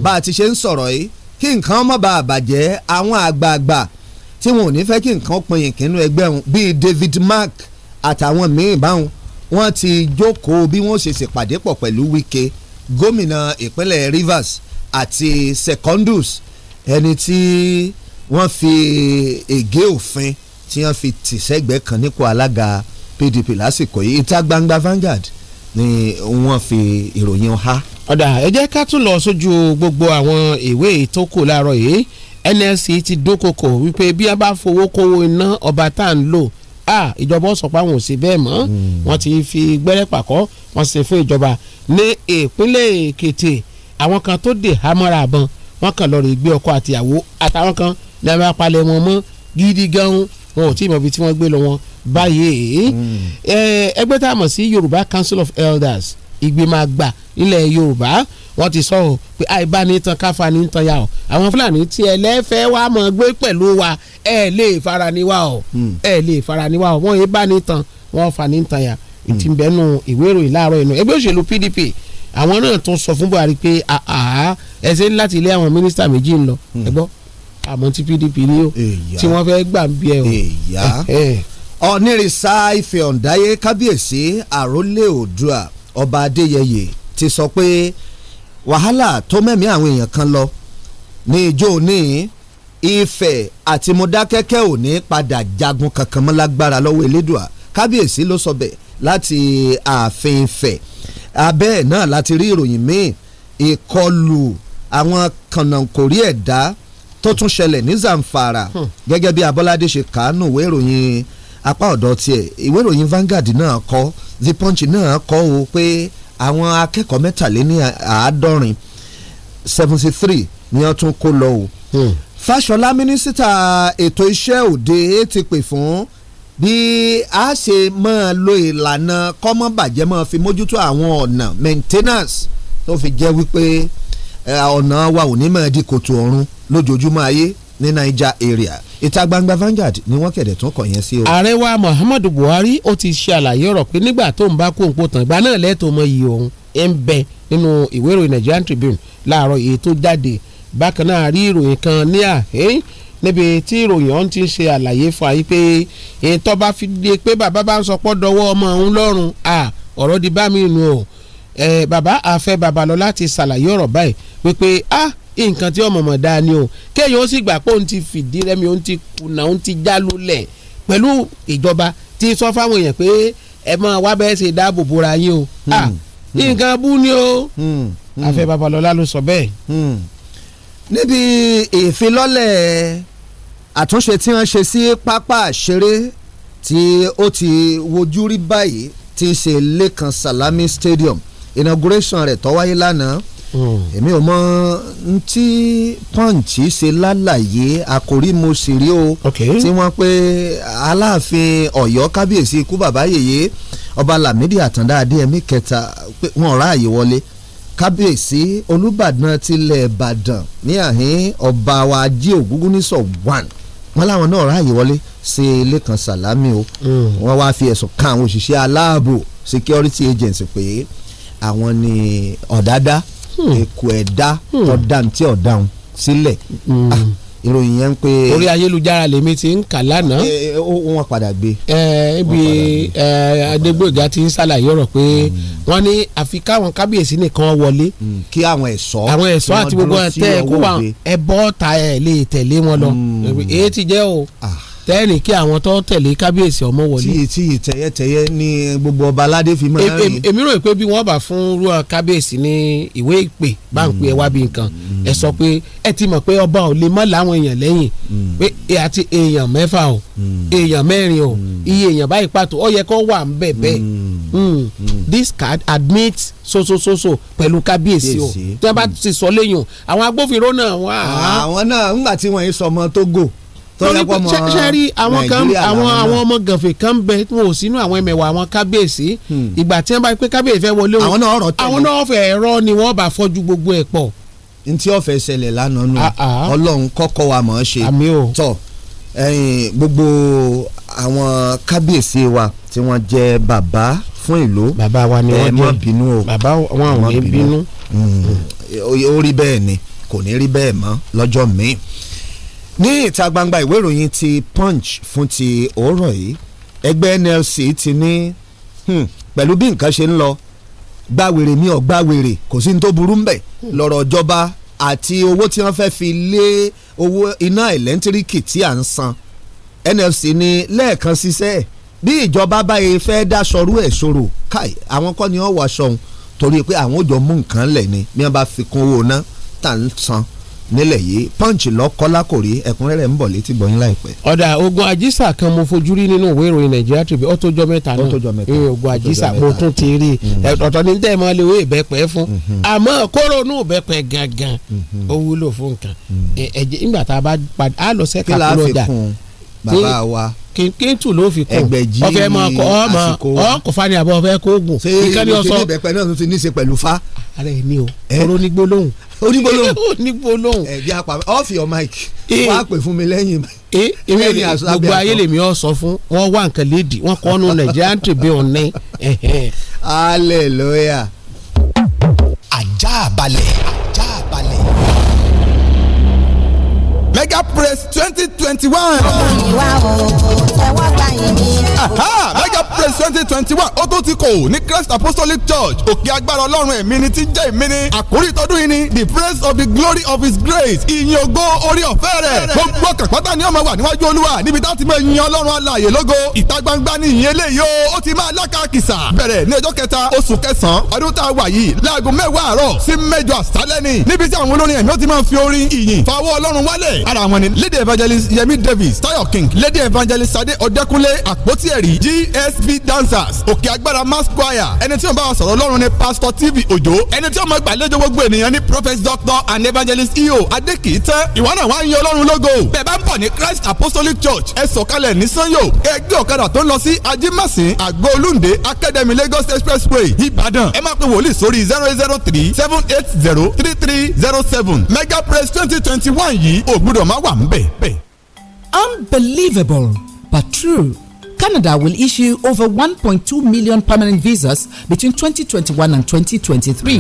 bá a ti ṣe ń sọ̀rọ̀ yìí kí nǹkan má bàa bàjẹ́ àwọn àgbààgbà tí wọn ò ní fẹ́ kí nǹkan pinyin kínú ẹgbẹ́ wọn bíi David Mark àtàwọn míín báwọn wọn ti jókòó bí wọn ṣe ṣèpàdé pọ̀ pẹ̀lú Wike gómìnà ìpínlẹ̀ Rivers àti Secondus ẹni tí wọ́n fi ègé òfin tí wọ́n fi tì sẹ́gbẹ̀ẹ́ kan nípò alága PDP lásìkò yìí ìta gbangba Vanguard ni wọ́n fi ìròyìn ha. ọ̀dà ẹ jẹ́ ká tún lọ sójú gbogbo àwọn ìwé tó láàárọ̀ yìí NLC ti dókòkò wípé bí wọ́n bá fowó kówó iná ọba tá à ń lò ah ìjọba ọ̀sọ̀pá wọn ò sí bẹ́ẹ̀ mọ́ hmm. wọ́n ti fi gbẹ́rẹ́ pàkọ́ wọ́n ṣe fún ìjọba ní ìpínlẹ̀ Èkìtì àwọn kan tó dè hámọ́ra àbọn wọ́n kàn lọ́ọ́ rí gbé ọkọ àtìyàwó àtàwọn kan ní abẹ́ apalẹ̀ wọn mọ́ gidi gan-an wọn ò tí ì mọ̀ ibi tí wọ́n gbé lọ wọn báyìí hmm. ẹgbẹ́ tá a mọ̀ sí Yorùbá Council of Elders ìgbìmọ̀ àgbà ilẹ̀ yorùbá wọ́n ti sọ ọ́ pé àìbánitan káfa ní tan ya ọ́ àwọn fúlàní tí ẹ lẹ́fẹ̀ẹ́ wá mọ̀ gbé pẹ̀lú wa ẹ lè fara ni wa ọ́ hmm. ẹ lè fara ni wa ọ́ wọ́n yé bánitan wọ́n fa ní tan ya hmm. ti bẹ́nu ìwé ìròyìn láàárọ̀ inú ẹgbẹ́ òṣèlú pdp àwọn náà tún sọ fún buhari pé ẹsẹ̀ láti ilé àwọn mínísítà méjì ń lọ hmm. ẹ gbọ́ àmọ́ tí pdp ní o tí wọ́n fẹ́ gbà ń bí ẹ o. ọ̀nìrìsà ìfẹ́ ọ̀ndáyé kábíyèsí àrólé oòdùà ọba adéyẹyẹ ti sọ pé wàhálà tó mẹ́mí àwọn èèyàn kan lọ ní ijó ní Ifẹ̀ àti Mọdákẹ́kẹ́ ò ní padà jagun kankan mọ́ lágbára lọ́wọ́ Elédùà kábíyèsí ló sọ bẹ́ẹ̀ láti ààfin Ifẹ̀ abẹ́ náà láti rí ìròyìn míì ìkọlù àwọn kànáńkórí ẹ̀dá tó tún ṣẹlẹ̀ ní Zamfara hmm. gẹ́gẹ́ bí Abọ́ládé ṣe kàánú ìwé ìròyìn apá ọ̀dọ́ tiẹ̀ ìwé ìròyìn Vanguard náà kọ The Punch náà kọ o pé àwọn akẹ́kọ̀ọ́ mẹ́tàléní àádọ́rin seventy three ni wọ́n tún kó lọ o. Hmm. Fáṣọlá mínísítà ètò iṣẹ́ òde ti pè fún bí a ṣe máa lo ìlànà kọ́mọ́bàjẹ́ máa fi mójútó àwọn ọ̀nà maintenance tó fi jẹ́ wípé eh, ọ̀nà wa ò ní máa di kòtò ọ̀run lójoojúmọ́ ayé ní Niger area ìta gbangba Vanguard ni wọ́n kẹ̀dẹ̀ tún kọ yẹn sí o. ààrẹ wa Muhammadu Buhari ó ti ṣe àlàyé ọ̀rọ̀ pé nígbà tó ń bá kó nǹkó tán ìgbà náà lẹ́tọ̀ọ́ mọ iye òun ẹ̀ ń bẹ nínú ìwé ìròyìn Nigerian Tribune láàárọ̀ èyí tó jáde bákan náà rí ìròyìn kan ní àhẹ́ níbi tí ìròyìn ọ̀hún ti ṣe àlàyé fún ayé pé èyí tó bá fi di pé bàbá bá ń sọpọ́ dọwọ́ ọmọ òun lọ́rùn à ọ̀rọ̀ di bá mi nù o bàbá àfẹ Babalọ́lá ti ṣàlàyé ọ̀rọ̀ báyìí wípé ah nǹkan tí ọmọ mọ̀ dáa ni o kéèyàn ó sì gbà pé òun ti fìdí rẹmi òun ti kùnà òun ti já lulẹ̀ pẹ̀lú ìjọba ti sọ fáwọn èèyàn pé ẹ máa wá bẹ́ẹ̀ ṣe dáàbò bora yín o hmm. Hmm. nǹkan bú ni o hmm. àfẹ babalọla ló sọ bẹ́ẹ̀. níbi ìfilọ́lẹ̀ àtúnṣe tí wọ́n ṣe sí pápá àṣeré tí ó ti wojú rí báyìí ti ṣe Lẹ́kan Salami Stadium inauguration rẹ̀ tó wáyé lánàá Hmm. èmi ò mọ ntí pọ́ǹchì ṣe lálàyé àkórí mo sì rí o tí wọ́n pé aláàfin ọ̀yọ́ kábíyèsí ikú bàbá yèyé ọba lámìdí àtàndá adéyẹmí kẹta pé wọ́n ráàyè wọlé kábíyèsí olùbàdàn tilẹ̀ ìbàdàn ní àhín ọba wa ajé ògúngúnnísọ̀ one wọ́n láwọn náà ráàyè wọlé ṣe ilé sàlámì o hmm. wọ́n wá fi ẹ̀sùn kan àwọn òṣìṣẹ́ aláàbò security agency pé àwọn ni ọ̀dádá. Mm èkó hmm. ẹ̀dá hmm. ọ̀daràn tí ọ̀daràn sílẹ̀ hmm. ah, ìròyìn yẹn pé. orí ayélujára lèmi ti ń kà lánàá. Eh, eh, wọ́n padà gbé. Eh, ibi adégbòga ti ń ṣàlàyé ọ̀rọ̀ pé wọ́n ní àfi káwọn kábíyèsí nìkan wọlé. kí àwọn ẹ̀ṣọ́. àwọn ẹ̀ṣọ́ àti gbogbo ẹ̀ tẹ́ ẹ kó wa ẹ bọ́ ta ẹ̀ lè tẹ̀lé wọn lọ. èyí ti jẹ́ o. Ah tẹ́ẹ̀nì kí àwọn tó tẹ̀lé kábíyèsí ọmọ wọlé. tíye tíye tẹ̀yẹtẹ̀yẹ ní gbogbo ọba aládé fi máa ń rìn. èmi rò pé bí wọ́n bá fún rú kábíyèsí ní ìwé ìpè bá ń pè wá bí nǹkan ẹ sọ pé ẹ ti mọ̀ pé ọba ò lè mọ́ láwọn èèyàn lẹ́yìn hmm. pé àti èèyàn mẹ́fà o hmm. èèyàn mẹ́rin o hmm. iye èèyàn báyìí pàtó ó yẹ kó wà ń bẹ̀ bẹ́ẹ̀ this card admit so so so so pẹ̀lú kábíyèsí o tí wọ́n bá ti sọ lẹ́yìn o àwọn agbófinró náà wà. Ah. àwọn náà ńgbà tí wọ́n yìí sọmọ tó gò torí sẹ́rí àwọn kan àwọn àwọn ọmọ gànfẹ̀ kan ń bẹ wọn ò sínú àwọn ẹmẹ̀wà àwọn kábíyèsí hmm. ìgbà tí wọ́n bá pé kábíyèsí fẹ́ wọlé wọn àwọn náà fẹ́ ẹ̀rọ ni wọ́n bá fọ́jú gbogbo ẹ̀ pọ̀. ntí ọ̀fẹ́ ṣẹlẹ̀ lánàá nù ah, ah. ọlọ́run kọ́kọ́ wa mọ̀ ọ́ ṣe tọ̀ gbogbo àwọn kábíyèsí wa tí wọ́n jẹ́ bàbá fún ìlú bàbá wa ni wọ́n jẹ́ bínú o bàbá wọn ò ní bínú. Hmm. ó rí bẹ́ẹ̀ ni kò ní rí bẹ́ẹ̀ mọ́ lọ́jọ́ míì ní ìta gbangba ìwé ìròyìn ti punch fún ti òórọ̀ yìí ẹgbẹ́ NLC ti ní hmm, pẹ̀lú bí nǹkan ṣe ń lọ gbàwèrè mi ò gbàwèrè kò sí ní tó burú mbẹ̀ lọ́rọ̀ ìjọba àti owó tí wọ́n fẹ́ fi lé owó iná ẹ̀lẹ́ńtíríkì tí à ń san NLC ní lẹ́ẹ̀kan ṣiṣẹ́ bí ìjọba báyìí fẹ́ dáṣọrú ẹ̀ ṣòro káì àwọn kọ́ ni wọ́n wọ aṣọ òun torí pé àwọn òjò mú nǹkan lẹ̀ ni bí wọ́n bá fi kún owó ná tà ń san nílẹ̀ yìí punch lọ́kọ́ lákòrí ẹ̀kúnrẹ́rẹ́ ń bọ̀ létí láìpẹ́. ọ̀dà ogun àjísà kan mo fojú rí nínú ìwé ìròyìn nàìjíríà tribune ó mẹ́ta náà ogun àjísà mo tún ti rí i mm-hmm. ọ̀tọ̀ ní tẹ́ ẹ máa lè fún mm-hmm. àmọ́ kóró inú ìbẹ́pẹ́ gangan mm-hmm. ó wúlò fún nǹkan ẹ̀jẹ̀ nígbà tá a bá padà lọ sẹ́ka bàbá wa kíntù ló fi kún ẹgbẹ̀jì ní àsìkò wa ọkọ̀ fani àbọ̀ ọ̀fẹ́ kóògùn ìkànnì ọ̀sán ṣé ìlú ìbẹ̀pẹ̀ náà ti ní í ṣe pẹ̀lú fa. ara ẹ̀ ni o onígbólóhùn onígbólóhùn onígbólóhùn ẹ̀bí apá ọ̀fì ọ̀ mike eh. wọ́n á pè fún mi lẹ́yìn eh, lẹ́yìn àṣà gbogbo ayé lèmi ọ̀ sọ fún wọn wá nǹkan léèdì wọn kọ́ nu Nigerian Tribune ní. hallelujah. ajá balẹ̀ ajá balẹ̀. mega praise twenty twenty one. àyìnwá o tẹ́wọ́ gbà yín ní. mega praise twenty twenty one ó tún ti kò ní christ apostolic church òkè agbára ọlọ́run ẹ̀mí ni ti jẹ́ ìmí ni àkórí tọdún yìí ni the praise of the glory of his grace ìyìn ògo orí ọ̀fẹ́ rẹ̀ gbogbo kàpátá ni ọmọ wà níwájú olúwa níbi tá a ti máa yin ọlọ́run alààyè lógo ìta gbangba ni ìyìn eléyìí o ó ti máa lákàkìsà bẹ̀rẹ̀ ní ọjọ́ kẹta oṣù kẹsàn-án ọdún tá a wà yìí láago mẹ́wàá àárọ̀ sí mẹ́jọ àṣálẹ́ ni níbi tí àwọn olórin ẹ̀mí ó ti máa fi orin ìyìn fàwọ́ ọlọ́run wálẹ̀ ara wọn ni lady evangelist yemi davis tayo king lady evangelist sade ọdẹkunle àpótí ẹ̀rí gsb dancers òkè agbára mass choir ẹni tí ó bá wa sọ̀rọ̀ ọlọ́run ni pastor tv Ojo. ẹni tí ó máa gbàlejò gbogbo ènìyàn ni prophet doctor and evangelist eo adekiitan ìwọ náà wá ń yan ọlọ́run lógo bẹ́ẹ̀ bá ń bọ̀ ní christ apostolic church ẹ sọ̀kalẹ̀ ní sanyo ẹgbẹ́ ọ̀kadà tó ń lọ sí ajimasin àgbo academy lagos expressway ìbàdàn ẹ máa pe wòlíì sórí zero zero three seven eight zero three three zero seven mega praise twenty twenty one yìí ògbúdọ̀ gbọ́dọ̀ wà Unbelievable but true. Canada will issue over 1.2 million permanent visas between 2021 and 2023.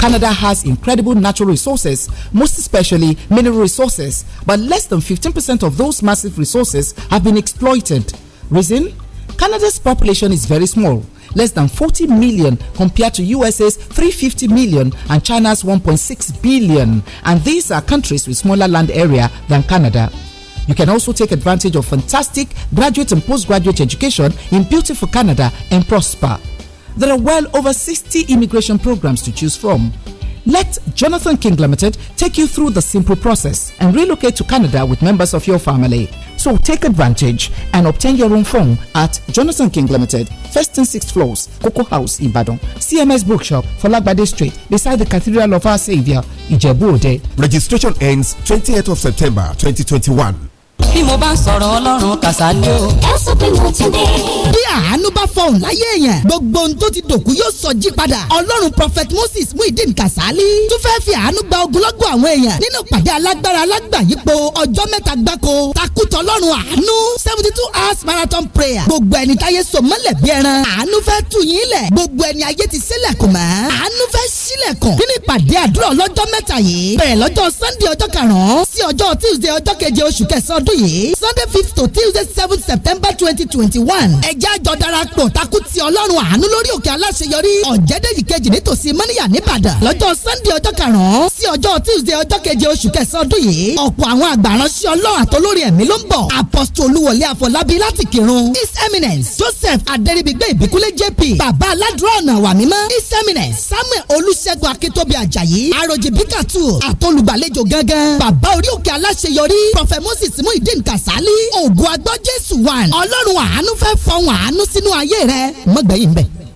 Canada has incredible natural resources, most especially mineral resources, but less than 15% of those massive resources have been exploited. Reason? Canada's population is very small less than 40 million compared to USA's 350 million and China's 1.6 billion. And these are countries with smaller land area than Canada. You can also take advantage of fantastic graduate and postgraduate education in beautiful Canada and prosper. There are well over 60 immigration programs to choose from let Jonathan King Limited take you through the simple process and relocate to Canada with members of your family. So take advantage and obtain your own phone at Jonathan King Limited, first and sixth floors, Coco House, in Badon, CMS Bookshop, Falagbade Street, beside the Cathedral of Our Savior, Ijebu Ode. Registration ends 28th of September 2021. bí mo bá ń sọ̀rọ̀ ọlọ́run kàṣálí o. ẹ sọ pé mo ti dé. bí àánú bá fọhùn láyé èèyàn gbogbo ohun tó ti dòkú yóò sọ jí padà ọlọ́run prophet moses muhyiddin kàṣálí tún fẹ́ fi àánú gba ogunlọ́gọ̀ àwọn èèyàn nínú pàdé alágbára alágbàyípo ọjọ́ mẹ́ta gbáko takùtọ̀ ọlọ́run àánú seventy two hours marathon prayer gbogbo ẹni táyé so mọ́lẹ̀ bí ẹran àánú fẹ́ tù yín lẹ̀ gbogbo ẹni ayé ti sílẹ̀ mọ́ ọdún yìí sunday fifth to tuesday seventh september twenty twenty one ẹ̀jẹ̀ àjọ darapọ̀ takú ti ọlọ́run àánú lórí òkè aláṣeyọrí ọ̀jẹ̀dẹ̀yì kejì nítòsí mọ́níyà nìbàdàn lọ́jọ́ sunday ọjọ́ karùn-ún sí ọjọ́ tuesday ọjọ́ keje oṣù kẹsàn-án ọdún yìí ọ̀pọ̀ àwọn àgbàránṣẹ́ ọlọ́run àtọlórí ẹ̀mí ló ń bọ̀ apostle olúwọlé afọlábí láti kírun his eminence joseph adẹ́rìbígbé ìbíkúlé jp bàbá aládùúrà ọ̀nà wà mímọ́ his eminence samuel olùṣègùn akíntóbi àjàyí àròjì bíkàtù àtolùgbàlejò gángan bàbá orí òkè aláṣeyọrí prophet moses mú Muyideen Kasali ògùn agbọ́ Jésù wà ọlọ́run àánú fẹ́ fọhùn àánú sínú ayé rẹ mọ́gbẹ́yìn bẹ́ẹ̀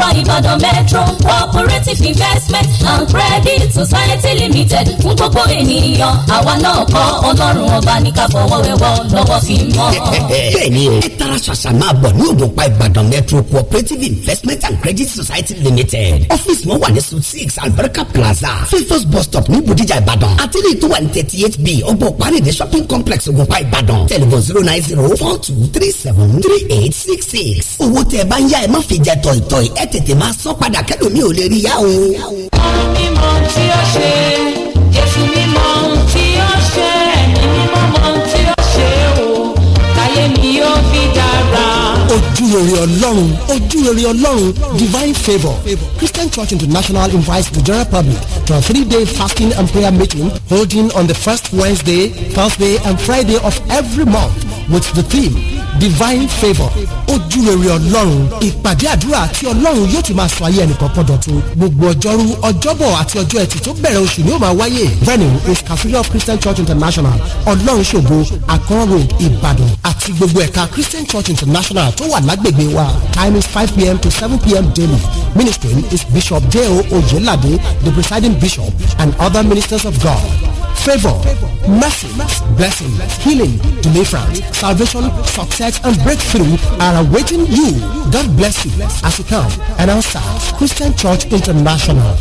wà ní Ìbàdàn Metro Cooperative Investment and Credit Society Limited fún gbogbo ènìyàn àwa náà kọ́ ọlọ́run ọba ní ká fọwọ́ wẹ́wọ́ lọ́wọ́ fi mọ́. bẹ́ẹ̀ni o ẹ tara ṣàṣà máa bọ̀ ní Ògùnpa Ìbàdàn Metro Cooperative Investment and Credit Society Limited ọ́fíìsì wọn wà ní suite six Alberca Plaza Fifth bus stop ní Bódìjà Ìbàdàn àti ní ìtura ní thirty eight b ọgbọ̀n paríde shopping complex Ògùnpa Ìbàdàn telephone zero nine zero four two three seven three eight six six owó tẹ ẹ bá ń yá ẹ má fi jẹ tọ̀ìtọ̀ì ẹ tètè máa san padà kẹ́lòmíì ò lè rí yá o. ohun mímọ́ tí ó ṣe jésù mímọ́ ohun tí ó ṣe ẹ̀mí mímọ́ mọ ohun tí ó ṣe o táyé mi yóò fi dára. ojúrere ọlọ́run ojúrere ọlọ́run divine favour christian church international invites the general public to a three-day fasting and prayer meeting holding on the first wednesday thursday and friday of every month with the theme divine favour ojúrere ọlọ́run ìpàdé àdúrà àti ọlọ́run yóò ti máa sọ ayé ẹnì kọ̀ọ̀kan dọ̀tun gbogbo ọjọ́rú ọjọ́bọ̀ àti ọjọ́ ẹtì tó bẹ̀rẹ̀ oṣù ni ó máa wáyé venue is cathedral christian church international ọlọ́run ṣògo akron road ìbàdàn àti gbogbo ẹ̀ka christian church international tó wà lágbègbè wa time is five pm to seven pm daily ministry is bishop j o oyelade the presiding bishop and other ministers of god favor, mercy, blessing, healing, deliverance, salvation, success, and breakthrough are awaiting you. God bless you as you come and Christian Church International.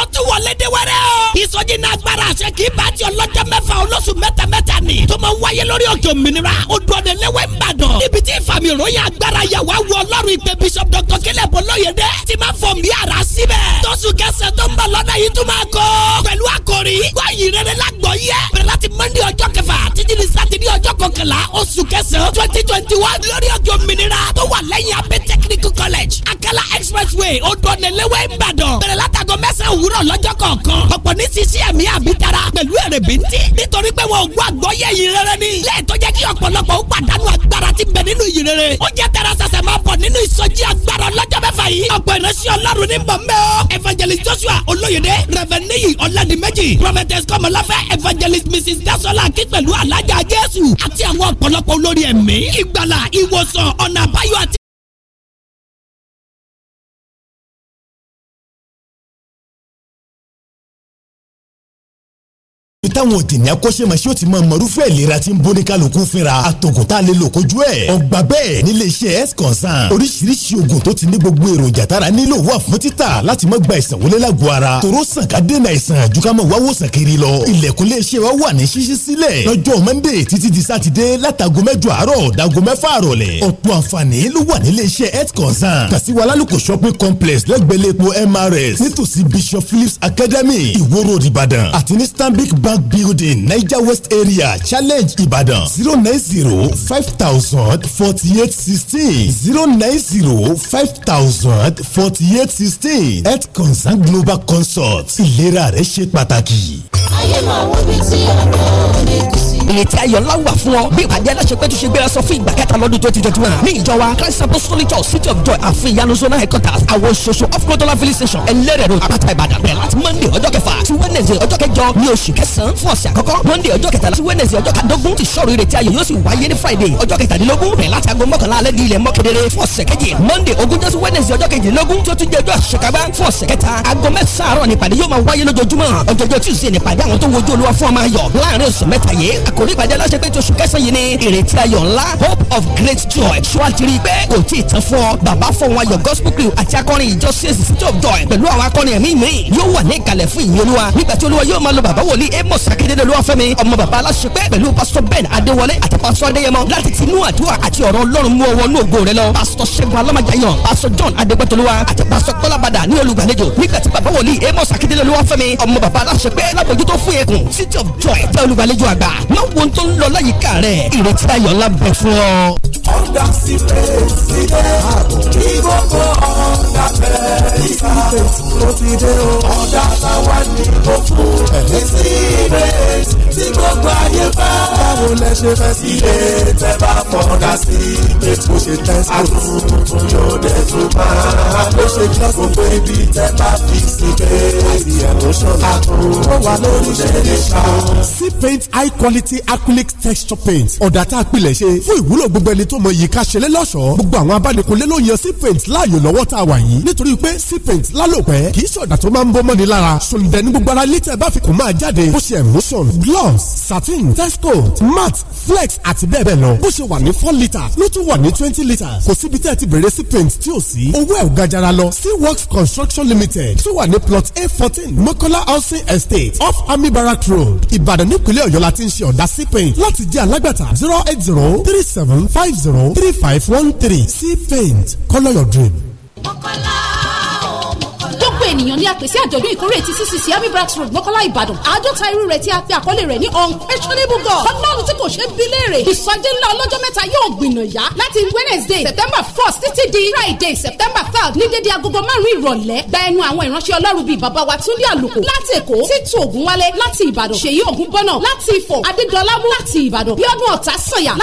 ó tún wọlé dé wẹ́rẹ́ o. ìsọjí náà agbára àṣẹ kì í bá ti ọlọ́jọ́ mẹ́fà olóṣù mẹ́ta ni. tó máa ń wáyé lórí òkè òmìnira odòdè lẹ́wẹ́ ń bàdàn. níbi tí ìfàmì ìròyìn agbára yẹ̀wò awọ ọlọ́run ìpè bishop dr kílẹ̀ bọ́ lóye dẹ́. ti máa fọ̀ mí ara síbẹ̀. tóṣù kẹsẹ̀ tó ń bọ̀ lọ́dọ̀ yìí tún máa kọ́. pẹ̀lú àkòrí wáyé rere lágbọ̀ yẹ. bẹ̀rẹ̀ láti mọ́ndé ọjọ́ kẹfà títí ní sátidé ọjọ́ kọkànlá oṣù kẹsàn-án twenty twenty one lórí òkè òmìnira tó wà lẹ́yìn abẹ́ technical college akala expressway odòdè lẹ́wẹ́ ń bàdàn. bẹ̀rẹ̀ bẹ̀rẹ̀ látago mẹ́sàn-án òwúrọ̀ lọ́jọ́ kọ̀ọ̀kan ọ̀pọ̀ ní sisi ẹ̀mí àbítara pẹ̀lú èrè bíntín nítorí pé wọn ò gbọ́ àgbọ́yé yìí rere ni lẹ́ẹ̀tọ́ jẹ́ kí ọ̀pọ̀lọpọ̀ ó pàdánù agbára tí bẹ nínú yìí rere ó jẹ́ tẹ̀ra sẹ̀sẹ̀ máa bọ̀ nínú ìsọjí agbára lọ́jọ́ mẹ́fà yìí ọ̀pọ̀ ìránṣẹ́ ọlọ́run ní bọ̀ o evangelist joshua olóyèdè rẹ̀fẹ̀nìyì ọ̀làdìmẹ́jì prophetess kọ́mọláfẹ́ evangelist mrs dasola kí pẹ̀lú alájà jésù àti àwọn ọ̀pọ̀lọpọ̀ olórí ẹ̀mí ìgbàlà ìwòsàn ọ̀nà àbáyọ àti táwọn òtẹ̀ní akọ́ṣẹ́mọṣẹ́ ò ti mọ mọ̀rúfẹ́ ìlera tí ń bóni kálukú fínra àtògùn tá a lè lò kojú ẹ̀ ọgbà bẹ́ẹ̀ nílé iṣẹ́ health concern oríṣiríṣi oògùn tó ti ní gbogbo èròjà tára nílò wà fún títà láti má gba ìsàn wọlé lágọ̀ọ́ ara tòró sàn ká dènà ìsàn àjù ká mọ̀ wá wòsàn kiri lọ ilẹ̀kùn lè ṣe wá wà ní ṣíṣí sílẹ̀ lọ́jọ́ monday títí di sátidé látago mẹ́jọ àárọ̀ dago bank building niger west area challenge Ibadan zero nine zero five thousand forty eight sixteen zero nine zero five thousand forty eight sixteen health concern global consult ìlera rẹ ṣe pàtàkì. ayé máa wọ́n bí tí ọ̀rọ̀ ò kù sí ìrètí ayọ̀ ńlá wà fún ọ bí ìpàdé aláṣepẹ́ tó ṣe gbéra sọ fún ìgbà kẹta lọ́dún twenty twenty one ní ìjọ wa Christ apostolic church city of joy àfin ìyanu zona headquarters àwọn ṣoṣo off kotola village station ẹlẹ́rẹ̀ road àpáta ìbàdàn bẹ̀rẹ̀ láti monday ọjọ́ kẹfà sí wednesday ọjọ́ kẹjọ ní oṣù kẹsàn-án fún ọ̀sẹ̀ àkọ́kọ́ monday ọjọ́ kẹtàlá sí wednesday ọjọ́ kàdógún ti ṣọ́ọ̀rù ìrètí ayọ̀ yóò sì wáyé ní friday ọjọ́ kẹtàdínlógún bẹ̀rẹ̀ láti aago mọ́kànlá alẹ́ di ilẹ̀ mọ́kedere fún ọ̀sẹ̀ kejì monday ogúnjọ́ sí wednesday ọjọ́ kejìlélógún tó tún jẹ́ ọjọ́ àṣekágbá fún ọ̀sẹ̀ kẹta aago mẹ́sàn-án àárọ̀ nípàdé yóò máa wáyé lójoojúmọ́ ọjọ́jọ́ tuesday nípàdé àwọn tó wojú olúwa fún ọmọ ayọ̀ láàrin ọ̀sẹ̀ mẹ́ta yìí àkórí ìpàdé aláṣẹpẹ́ tó oṣù kẹsàn yìí ni ìrètí ayọ̀ ńlá hope of great joy ṣùwájú pé kò tí ì tán fún ọ bàbá fọwọn ayọ̀ gospel crew àti akọrin ìjọ csc city of joy pẹ̀lú àwọn akọrin ẹ̀mí mi yóò wà ní ìkàlẹ̀ fún ìyẹn olúwa nígbà tí olúwa yóò máa lo bàbá wòlíì amos akíndélé olúwa fẹ́mi ọmọ bàbá aláṣẹpẹ́ pẹ̀lú pásítọ̀ ben adéwọlé àti pásítọ̀ adéyẹmọ láti ti inú àdúrà àti ọ̀rọ̀ ọlọ́run mú ọwọ́ ní ògo rẹ lọ pásítọ̀ ṣẹ́gun alámájayàn pásítọ̀ john adégbẹ́tolúwa àti pásítọ̀ kọ́lábàdà ní olùgbàlejò nígbà tí bàbá wòlíì amos akíndélé olúwa fẹ́mi ọmọ bàbá aláṣẹpẹ́ city of joy jẹ́ olùgbàlejò àgbà wo tó ń lọ láyìíká rẹ̀ ìrètí ayọ̀ ńlá bẹ fún ọ. ọ̀gá sílẹ̀ sílẹ̀ ààbò kí gbogbo ọ̀gá bẹ̀rẹ̀ ìta tó ti dé o. ọ̀gá táwa ní o fún ẹ̀mí sílẹ̀ tí gbogbo ayé bá. báwo lẹ ṣe fẹ́ sílẹ̀ tẹ́ bá fọ́gá sílẹ̀ bó ṣe tẹ́sí. àtúntò yóò dé tó bá bó ṣe jẹ́ gbogbo ibi tẹ́ bá fi sílẹ̀. àìsàn ló ṣọlá tó wà lórí ṣe é ṣá. c paint high quality sí acrylic texture paint ọ̀dà tá a pilẹ̀ ṣe fún ìwúlò gbogbo ẹni tó mọ yìí ká ṣẹlẹ̀ lọ́ṣọ̀ọ́ gbogbo àwọn abánikunlé ló yan sí paint láàyò lọ́wọ́ tá a wà yìí nítorí pé sí paint lálòpẹ́ kì í ṣọ̀dà tó máa ń bọ́ mọ́ni lára solidẹ ní gbogbo ara lítẹ̀ bá fi kùn máa jáde bó ṣe emulsion gloss satin texcoat matte flex àti bẹ́ẹ̀ bẹ́ẹ̀ lọ bó ṣe wà ní four litres ló tún wà ní twenty litres kò síbi tẹ́ ẹ ti bẹ̀rẹ̀ sí tí ò sí owó ẹ̀ ò gajara lọ sí works construction limited tó wà ní plot a fourteen mokola housing estate off army barrack road ìbàdàn nípínlẹ̀ ọ̀yọ́ la ti ń ṣe ọ̀dà sí paint láti jẹ́ alágbàtà zero eight zero three seven five zero three five one three sí paint colour your dream. mọ́kànlá gbogbo ènìyàn ní àpèsè àjọ̀dún ìkórè ti ccc army barracks road mọ́kọ́lá ìbàdàn àádọ́ta irú rẹ̀ tí a pe àkọlé rẹ̀ ní unquestionable god ọlọ́run tí kò ṣe bí léèrè ìsọjí ńlá ọlọ́jọ́ mẹ́ta yóò gbìnàyà láti wednesday september first títí di friday september third ní dédé agogo márùn ìrọ̀lẹ́ gba ẹnu àwọn ìránṣẹ́ ọlọ́run bíi bàbá wa túndé àlùkò láti èkó títú ògúnwálé láti ìbàdàn ṣèyí ògúnbọ́nà láti ifọ̀ adédọ́lámú láti ìbàdàn bíọ́dún ọ̀tá sọ̀yà